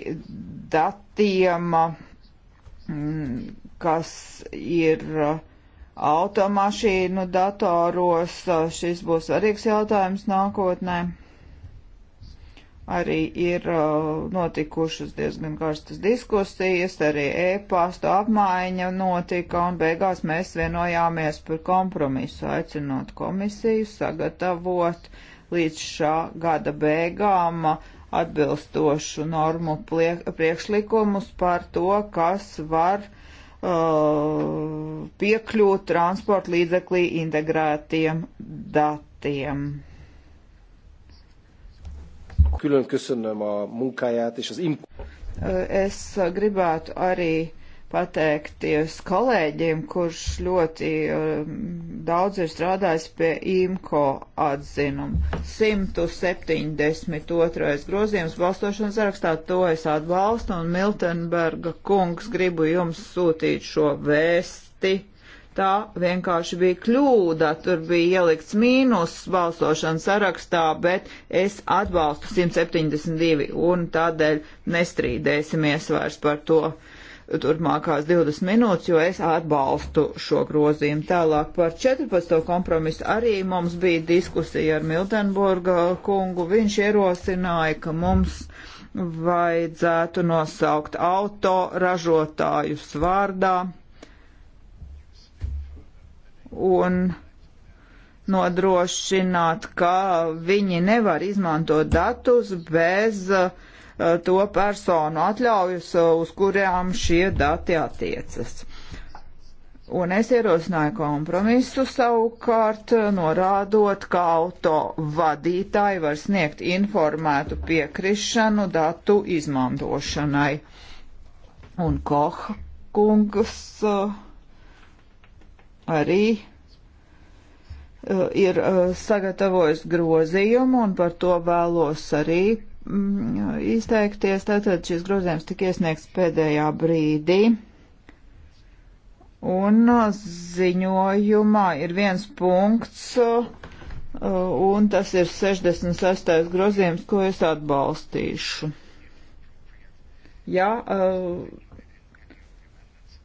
datiem, mm, kas ir uh, automašīnu datoros. Šis būs svarīgs jautājums nākotnē. Arī ir notikušas diezgan karstas diskusijas, arī e-pasta apmaiņa notika, un beigās mēs vienojāmies par kompromisu, aicinot komisiju sagatavot līdz šā gada beigām atbilstošu normu priekšlikumus par to, kas var uh, Uh, piekļūt transporta līdzeklī integrētiem datiem. Külön köszönöm a munkáját és az uh, Es gribētu arī pateikties kolēģiem, kurš ļoti uh, daudz ir strādājis pie IMCO atzinuma. 172. grozījums balstošanas rakstā to es atbalstu un Miltenberga kungs gribu jums sūtīt šo vēsti. Tā vienkārši bija kļūda, tur bija ielikts mīnus balsošanas sarakstā, bet es atbalstu 172 un tādēļ nestrīdēsimies vairs par to. Uh, turpmākās 20 minūtes, jo es atbalstu šo grozījumu. Tālāk par 14. kompromisu arī mums bija diskusija ar Miltenburga kungu. Viņš ierosināja, ka mums vajadzētu nosaukt auto ražotājus vārdā un nodrošināt, ka viņi nevar izmantot datus bez uh, Eh, to personu atļaujas, eh, uz kurām šie dati attiecas. Un es ierosināju kompromisu savukārt, eh, norādot, ka auto vadītāji var sniegt informētu piekrišanu datu izmantošanai. Un Koha kungs arī ir sagatavojis grozījumu, un par to vēlos arī Mm, izteikties. Tātad šis grozījums tika iesniegts pēdējā brīdī. Un ziņojumā ir viens punkts, uh, un tas ir 68. grozījums, ko es atbalstīšu. Jā, uh,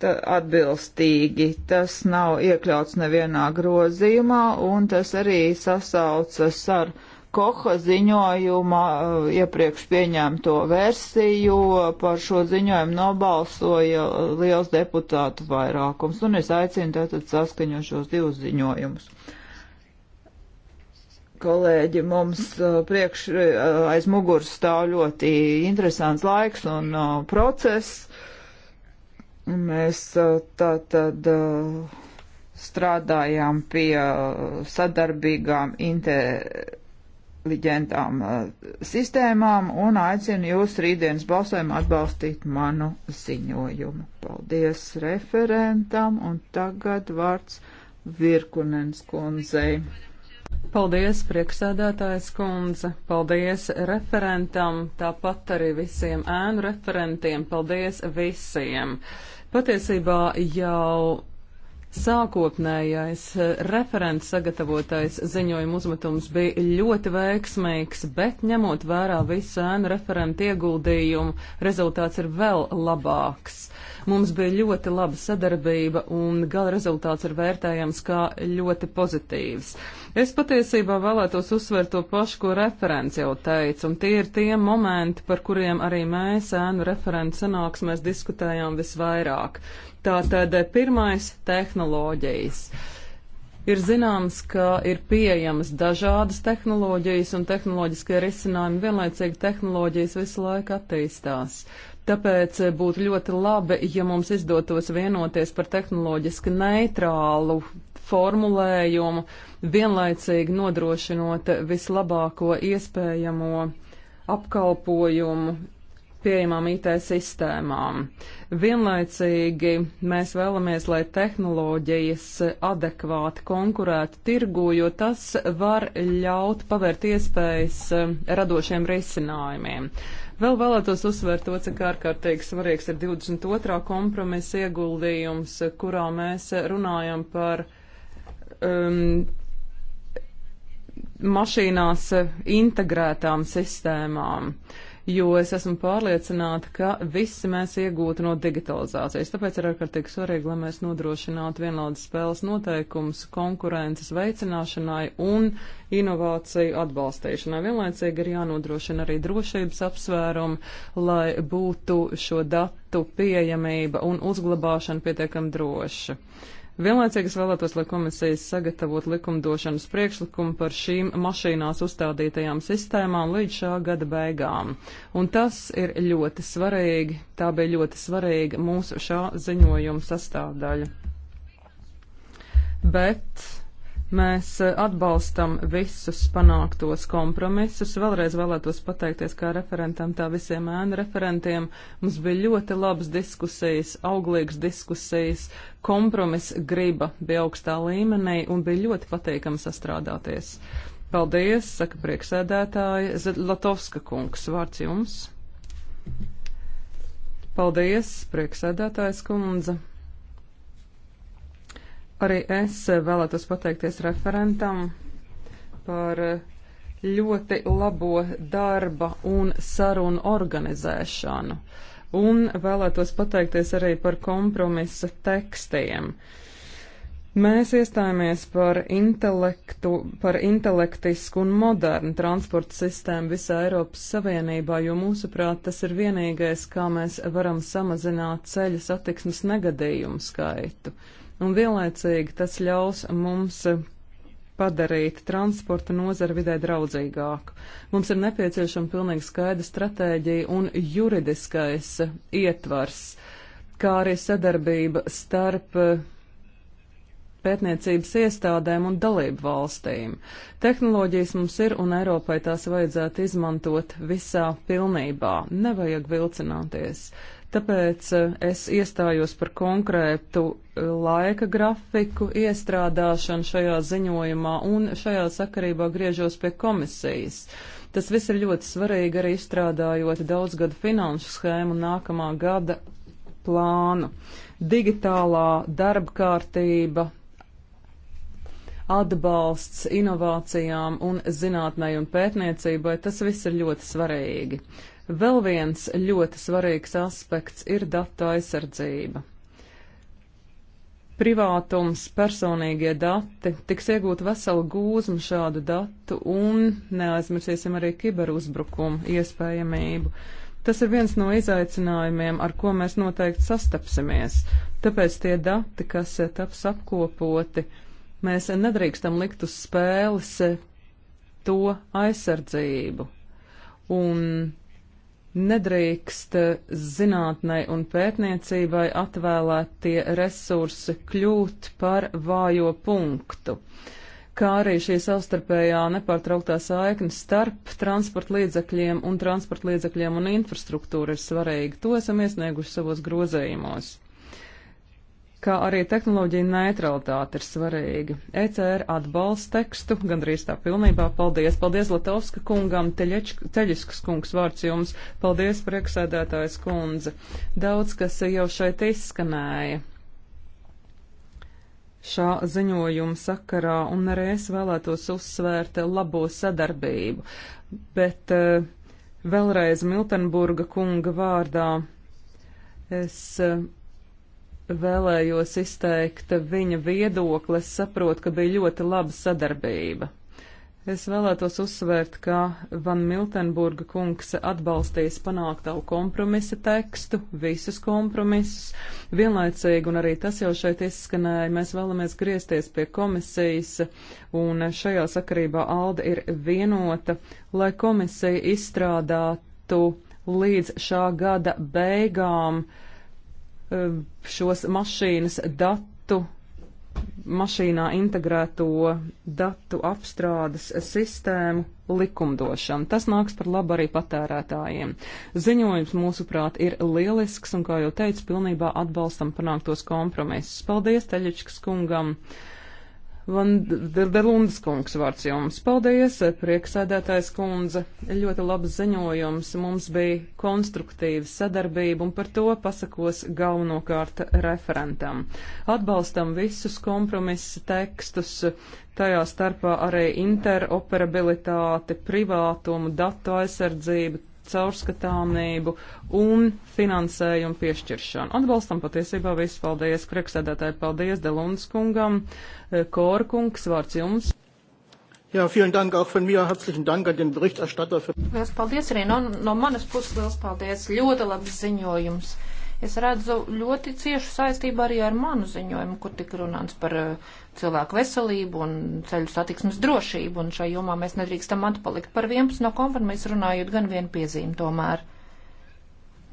ta, atbilstīgi. Tas nav iekļauts nevienā grozījumā, un tas arī sasaucas ar Koha ziņojuma uh, iepriekš pieņemto versiju. Par šo ziņojumu nobalsoja liels deputātu vairākums, un es aicinu tātad saskaņo šos divus ziņojumus. Kolēģi, mums uh, priekš uh, aiz muguras stāv ļoti interesants laiks un process. Mēs tātad strādājām pie sadarbīgām interesēm inteliģentām uh, sistēmām un aicinu jūs rītdienas balsojumu atbalstīt manu ziņojumu. Paldies referentam un tagad vārds Virkunens kundzei. Paldies, prieksēdētājs kundze, paldies referentam, tāpat arī visiem ēnu referentiem, paldies visiem. Patiesībā jau Sākotnējais eh, referents sagatavotais ziņojuma uzmetums bija ļoti veiksmīgs, bet ņemot vērā visu ēnu referentu ieguldījumu, rezultāts ir vēl labāks. Mums bija ļoti laba sadarbība un gala rezultāts ir vērtējams kā ļoti pozitīvs. Es patiesībā vēlētos uzsvērt to pašu, ko referents jau teica, un tie ir tie momenti, par kuriem arī mēs ēnu referents sanāksmēs diskutējām visvairāk. Tātad eh, pirmais - tehnoloģijas. Ir zināms, ka ir pieejamas dažādas tehnoloģijas un tehnoloģiskie risinājumi, vienlaicīgi tehnoloģijas visu laiku attīstās. Tāpēc eh, būtu ļoti labi, ja mums izdotos vienoties par tehnoloģiski neitrālu formulējumu, vienlaicīgi nodrošinot vislabāko iespējamo apkalpojumu pieejamām IT sistēmām. Vienlaicīgi mēs vēlamies, lai tehnoloģijas adekvāti konkurētu tirgu, jo tas var ļaut pavērt iespējas um, radošiem risinājumiem. Vēl vēlētos uzsvērt to, cik ārkārtīgi svarīgs ir 22. kompromisa ieguldījums, kurā mēs runājam par um, mašīnās integrētām sistēmām, jo es esmu pārliecināta, ka visi mēs iegūtu no digitalizācijas. Tāpēc ir ārkārtīgi svarīgi, lai mēs nodrošinātu vienlādas spēles noteikumus konkurences veicināšanai un inovāciju atbalstīšanai. Vienlaicīgi ir jānodrošina arī drošības apsvērumi, lai būtu šo datu pieejamība un uzglabāšana pietiekam droša. Uh, Vienlaicīgi es vēlētos, lai komisijas sagatavot likumdošanas priekšlikumu par šīm mašīnās uzstādītajām sistēmām līdz šā gada beigām. Un tas ir ļoti svarīgi, tā bija ļoti svarīga mūsu šā ziņojuma sastāvdaļa. Bet Mēs eh, atbalstam visus panāktos kompromisus. Vēlreiz vēlētos pateikties kā referentam, tā visiem ēnu referentiem. Mums bija ļoti labas diskusijas, auglīgas diskusijas, kompromis griba bija augstā līmenī un bija ļoti patīkami sastrādāties. Paldies, saka prieksēdētāja Zlatovska kungs. Vārds jums. Paldies, prieksēdētājs kundze. Arī es vēlētos pateikties referentam par ļoti labo darba un sarunu organizēšanu. Un vēlētos pateikties arī par kompromisa tekstiem. Mēs iestājāmies par, par intelektisku un modernu transporta sistēmu visā Eiropas Savienībā, jo mūsuprāt tas ir vienīgais, kā mēs varam samazināt ceļu satiksmes negadījumu skaitu. Uh, un vienlaicīgi tas ļaus mums padarīt transporta nozari vidē draudzīgāku. Mums ir nepieciešama pilnīgi skaida stratēģija un juridiskais ietvars, kā arī sadarbība starp pētniecības iestādēm un dalību valstīm. Tehnoloģijas mums ir un Eiropai tās vajadzētu izmantot visā pilnībā. Nevajag vilcināties. Tāpēc e, es iestājos par konkrētu e, laika grafiku iestrādāšanu šajā ziņojumā un šajā sakarībā griežos pie komisijas. Tas viss ir ļoti svarīgi arī izstrādājot daudzgadu finanšu schēmu nākamā gada plānu. Digitālā darba kārtība, atbalsts inovācijām un zinātnē un pētniecībai, tas viss ir ļoti svarīgi. Vēl viens ļoti svarīgs aspekts ir datu aizsardzība. Privātums, personīgie dati, tiks iegūt veselu gūzmu šādu datu un neaizmirsīsim arī kiberuzbrukumu iespējamību. Tas ir viens no izaicinājumiem, ar ko mēs noteikti sastapsimies. Tāpēc tie dati, kas taps apkopoti, mēs nedrīkstam likt uz spēles to aizsardzību. Un nedrīkst zinātnei un pētniecībai atvēlētie resursi kļūt par vājo punktu, kā arī šī savstarpējā nepārtrauktā saikne starp transporta līdzekļiem un transporta līdzekļiem un infrastruktūru ir svarīga. To esam iesnieguši savos grozējumos kā arī tehnoloģija neutralitāte ir svarīga. ECR atbalsta tekstu, gandrīz tā pilnībā. Paldies! Paldies Latovska kungam, Teļiskas kungs vārds jums. Paldies, prieksēdētājs kundze. Daudz, kas jau šeit izskanēja šā ziņojuma sakarā, un arī es vēlētos uzsvērt labo sadarbību. Bet eh, vēlreiz Miltenburga kunga vārdā es eh, vēlējos izteikt viņa viedokli. Es saprotu, ka bija ļoti laba sadarbība. Es vēlētos uzsvērt, ka Van Miltenburga kungs atbalstīs panāktavu kompromisa tekstu, visus kompromisus. Vienlaicīgi, un arī tas jau šeit izskanēja, mēs vēlamies griezties pie komisijas, un šajā sakarībā Alda ir vienota, lai komisija izstrādātu līdz šā gada beigām uh, Eh, šos mašīnas datu, mašīnā integrēto datu apstrādes sistēmu likumdošanu. Tas nāks par labu arī patērētājiem. Ziņojums, mūsuprāt, ir lielisks un, kā jau teicu, pilnībā atbalstam panāktos kompromisus. Paldies Teļičkas kungam! Uh, Vandelundas kungs vārds jums. Paldies, prieksēdētājs kundze. Ļoti labs ziņojums. Mums bija konstruktīva sadarbība un par to pasakos galvenokārt referentam. Atbalstam visus kompromisa tekstus, tajā starpā arī interoperabilitāti, privātumu, datu aizsardzību, caurskatāmību un finansējumu piešķiršanu. Atbalstam patiesībā visu. Paldies, priekšsēdētāji, paldies Delunds kungam. Eh, Kōrkungs, vārds jums. Jā, vielen dank auch von mir. Herzlichen dank an den Berichterstatter. Für... Liels paldies arī no, no manas puses. Liels paldies. Ļoti labs ziņojums. Es redzu ļoti ciešu saistību arī ar manu ziņojumu, kur tik runāts par uh, cilvēku veselību un ceļu satiksmes drošību, un šai jomā mēs nedrīkstam atpalikt. Par 11 no konformēs runājot gan vienu piezīmi tomēr.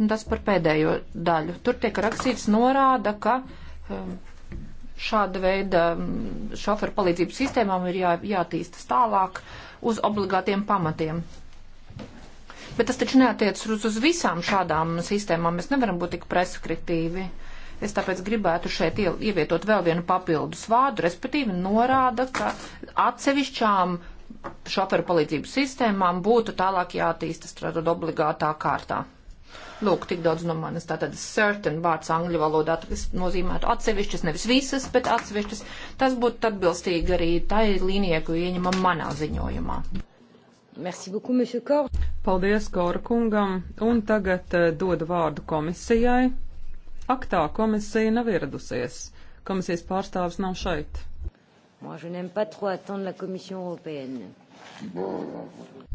Un tas par pēdējo daļu. Tur tiek rakstīts norāda, ka um, šāda veida um, šoferu palīdzības sistēmām ir jā, jātīstas tālāk uz obligātiem pamatiem. Bet tas taču neatiec uz, uz visām šādām sistēmām. Mēs nevaram būt tik preskriptīvi. Uh, Es tāpēc gribētu šeit ievietot vēl vienu papildus vārdu, respektīvi norāda, ka atsevišķām šoferu palīdzības sistēmām būtu tālāk jātīstas tātad obligātā kārtā. Lūk, tik daudz no manis. Tātad certain vārds angļu valodā, kas nozīmētu atsevišķas, nevis visas, bet atsevišķas. Tas būtu atbilstīgi arī tai līnijai, ko ieņemam manā ziņojumā. Merci beaucoup, monsieur Kor. Paldies Kora kungam. Un tagad uh, dodu vārdu komisijai. Aktā komisija nav ieradusies. Komisijas pārstāvis nav šeit.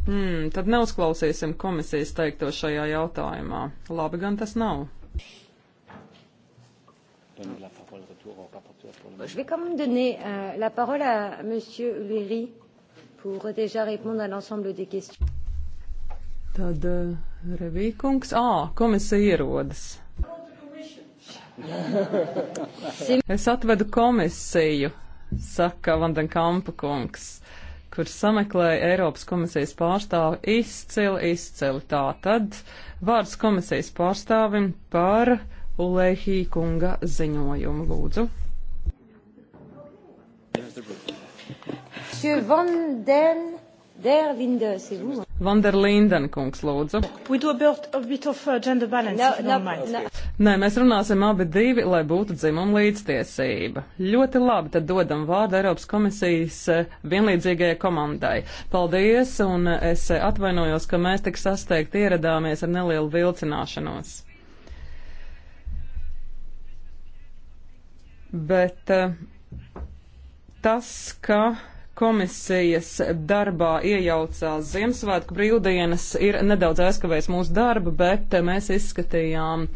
Hmm, tad neuzklausīsim komisijas teikto šajā jautājumā. Labi gan tas nav. Je vais quand même donner euh, la parole à Monsieur Léry pour déjà répondre à l'ensemble des questions. Tad euh, Revīkungs, ā, komisija ierodas. Es atvedu komisiju, saka Vandenkampa kungs, kur sameklēja Eiropas komisijas pārstāvi izcili, izcili. Tā tad vārds komisijas pārstāvim par Ulehī kunga ziņojumu lūdzu. Monsieur Van Den Der Linde, c'est vous. Vanderlinden kungs, lūdzu. Uh, balance, no, no, no. Nē, mēs runāsim abi divi, lai būtu dzimuma līdztiesība. Ļoti labi, tad dodam vārdu Eiropas komisijas uh, vienlīdzīgajai komandai. Paldies, un uh, es atvainojos, ka mēs tik sasteigti ieradāmies ar nelielu vilcināšanos. Bet tas, ka komisijas darbā iejaucās Ziemassvētku brīvdienas, ir nedaudz aizkavējis mūsu darbu, bet mēs izskatījām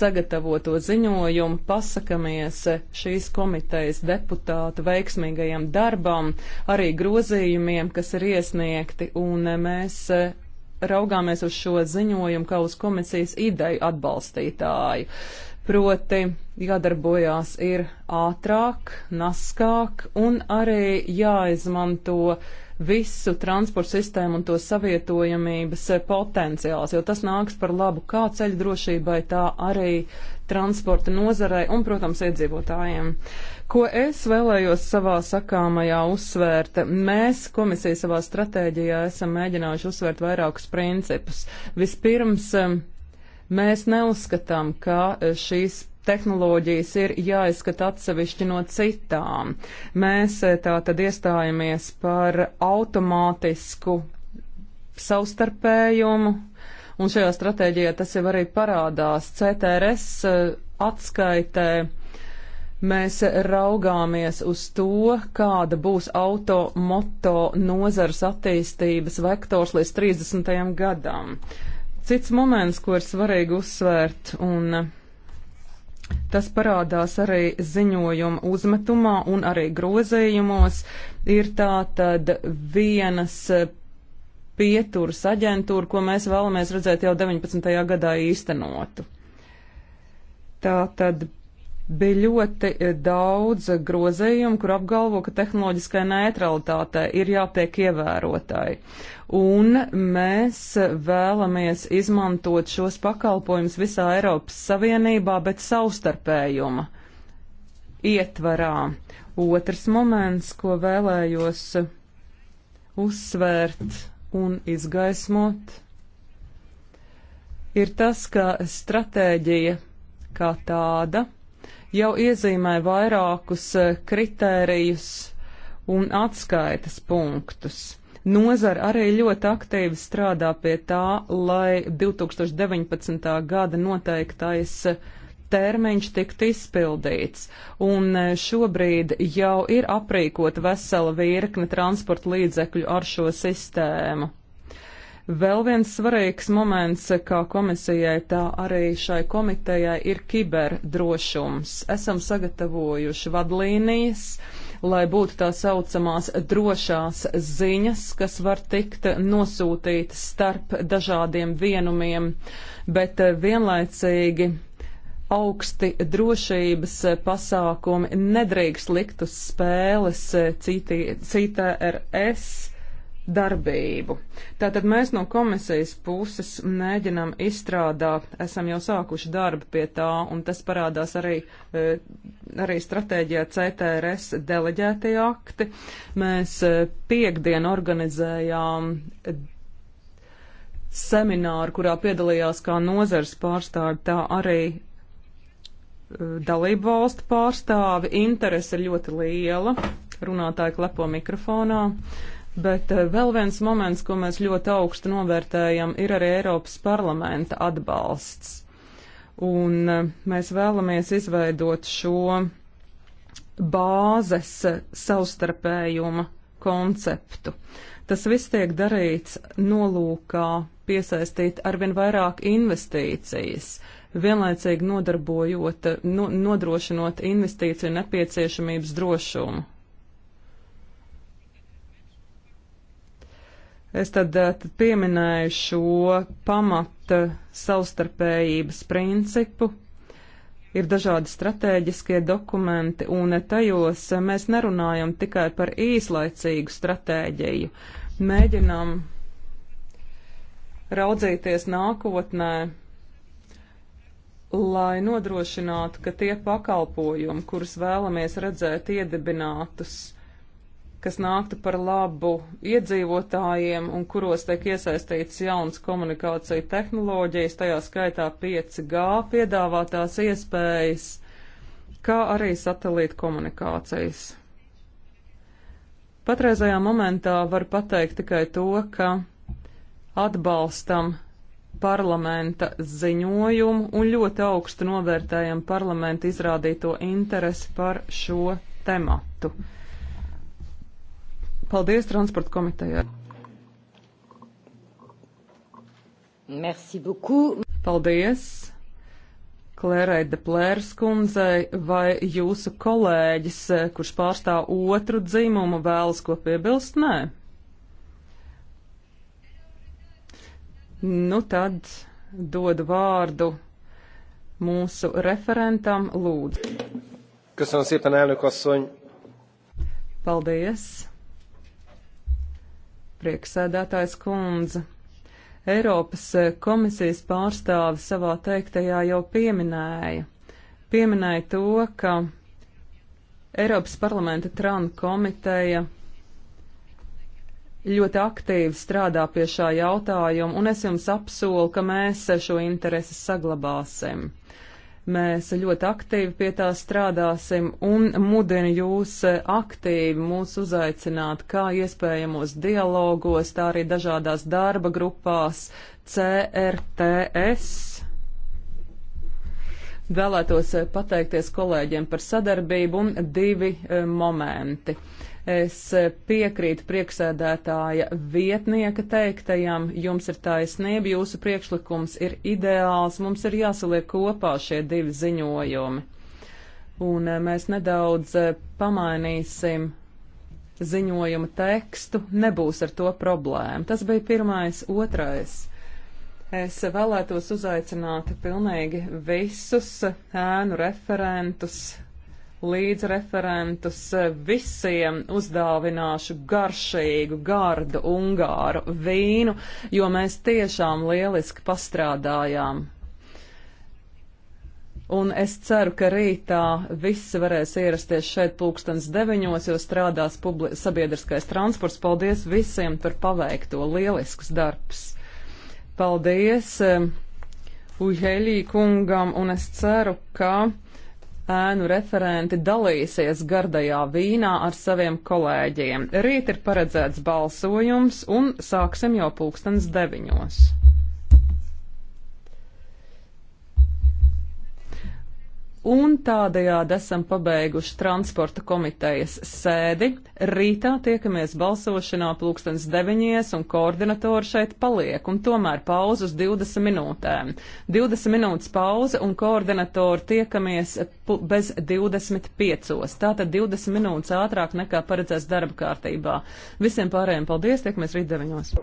sagatavoto ziņojumu, pasakamies šīs komitejas deputāta veiksmīgajam darbam, arī grozījumiem, kas ir iesniegti, un mēs raugāmies uz šo ziņojumu kā uz komisijas ideju atbalstītāju. Uh, Proti jādarbojās ir ātrāk, naskāk un arī jāizmanto visu transporta sistēmu un to savietojamības potenciāls, jo tas nāks par labu kā ceļu drošībai, tā arī transporta nozarei un, protams, iedzīvotājiem. Ko es vēlējos savā sakāmajā uzsvērt? Mēs komisija savā stratēģijā esam mēģinājuši uzsvērt vairākus principus. Vispirms Mēs neuzskatām, ka e, šīs tehnoloģijas ir jāizskata atsevišķi no citām. Mēs e, tā tad iestājamies par automātisku savstarpējumu, un šajā stratēģijā tas jau arī parādās CTRS e, atskaitē. Mēs raugāmies uz to, kāda būs auto, moto nozars attīstības vektors līdz 30. gadam. Cits moments, ko ir svarīgi uzsvērt, un eh, tas parādās arī ziņojuma uzmetumā un arī grozējumos, ir tā tad vienas eh, pieturas aģentūra, ko mēs vēlamies redzēt jau 19. gadā īstenotu. Tā tad bija ļoti e, daudz grozējumu, kur apgalvo, ka tehnoloģiskai neutralitātei ir jātiek ievērotai. Un mēs vēlamies izmantot šos pakalpojumus visā Eiropas Savienībā, bet savstarpējuma ietvarā. Otrs moments, ko vēlējos uzsvērt un izgaismot, ir tas, ka stratēģija kā tāda jau iezīmē vairākus e, kritērijus un atskaitas punktus. Nozara arī ļoti aktīvi strādā pie tā, lai 2019. gada noteiktais e, termiņš tiktu izpildīts. Un e, šobrīd jau ir aprīkota vesela virkne transporta līdzekļu ar šo sistēmu. Vēl viens svarīgs moments, kā komisijai, tā arī šai komitejai, ir kiberdrošums. Esam sagatavojuši vadlīnijas, lai būtu tā saucamās drošās ziņas, kas var tikt nosūtītas starp dažādiem vienumiem, bet eh, vienlaicīgi augsti drošības eh, pasākumi nedrīkst likt uz spēles eh, CTRS darbību. Tātad mēs no komisijas puses mēģinam izstrādāt, esam jau sākuši darbu pie tā, un tas parādās arī, e, arī stratēģijā CTRS deleģētie akti. Mēs e, piekdien organizējām e, semināru, kurā piedalījās kā nozars pārstāvi, tā arī dalību valstu pārstāvi. Interese ir ļoti liela. Runātāji klepo mikrofonā. Uh, Bet eh, vēl viens moments, ko mēs ļoti augstu novērtējam, ir arī Eiropas parlamenta atbalsts. Un eh, mēs vēlamies izveidot šo bāzes savstarpējuma konceptu. Tas viss tiek darīts nolūkā piesaistīt arvien vairāk investīcijas, vienlaicīgi nodarbojot, no, nodrošinot investīciju nepieciešamības drošumu. Es tad, eh, tad pieminēju šo pamata savstarpējības principu. Ir dažādi strateģiskie dokumenti, un tajos eh, mēs nerunājam tikai par īslaicīgu stratēģiju. Mēģinām raudzīties nākotnē, lai nodrošinātu, ka tie pakalpojumi, kurus vēlamies redzēt iedibinātus, kas nāktu par labu iedzīvotājiem un kuros tiek iesaistīts jauns komunikācija tehnoloģijas, tajā skaitā 5G piedāvātās iespējas, kā arī satelīta komunikācijas. Patreizajā momentā var pateikt tikai to, ka atbalstam parlamenta ziņojumu un ļoti augstu novērtējam parlamenta izrādīto interesi par šo tematu. Paldies transporta komitejai. Merci beaucoup. Paldies. Klērai de Plērs kundzei vai jūsu kolēģis, kurš pārstāv otru dzimumu, vēlas ko piebilst? Nē. Nu tad dodu vārdu mūsu referentam Lūdzu. Köszönöm szépen, elnök asszony! Paldies! Prieksēdētājs kundze. Eiropas eh, komisijas pārstāve savā teiktajā jau pieminēja. Pieminēja to, ka Eiropas parlamenta Trana komiteja ļoti aktīvi strādā pie šā jautājuma, un es jums apsolu, ka mēs eh, šo interesi saglabāsim. Mēs ļoti aktīvi pie tā strādāsim un mudinu jūs aktīvi mūs uzaicināt kā iespējamos dialogos, tā arī dažādās darba grupās CRTS. Vēlētos pateikties kolēģiem par sadarbību un divi eh, momenti. Es piekrītu prieksēdētāja vietnieka teiktajam, jums ir taisnība, jūsu priekšlikums ir ideāls, mums ir jāsaliek kopā šie divi ziņojumi. Un eh, mēs nedaudz eh, pamainīsim ziņojuma tekstu, nebūs ar to problēma. Tas bija pirmais, otrais. Es vēlētos uzaicināt pilnīgi visus ēnu referentus, līdzreferentus eh, visiem uzdāvināšu garšīgu, gardu ungāru vīnu, jo mēs tiešām lieliski pastrādājām. Un es ceru, ka rītā visi varēs ierasties šeit pulkstens deviņos, jo strādās sabiedriskais transports. Paldies visiem par paveikto. Lielisks darbs. Paldies eh, Uheļī kungam, un es ceru, ka ēnu referenti dalīsies gardajā vīnā ar saviem kolēģiem. Rīt ir paredzēts balsojums un sāksim jau pulkstens deviņos. Un tādējādi esam pabeiguši transporta komitejas sēdi. Rītā tiekamies balsošanā pulkstens deviņies un koordinatori šeit paliek un tomēr pauzu uz 20 minūtēm. 20 minūtes pauze un koordinatori tiekamies bez 25. Tātad 20 minūtes ātrāk nekā paredzēts darba kārtībā. Visiem pārējiem paldies, tiekamies rīt deviņos.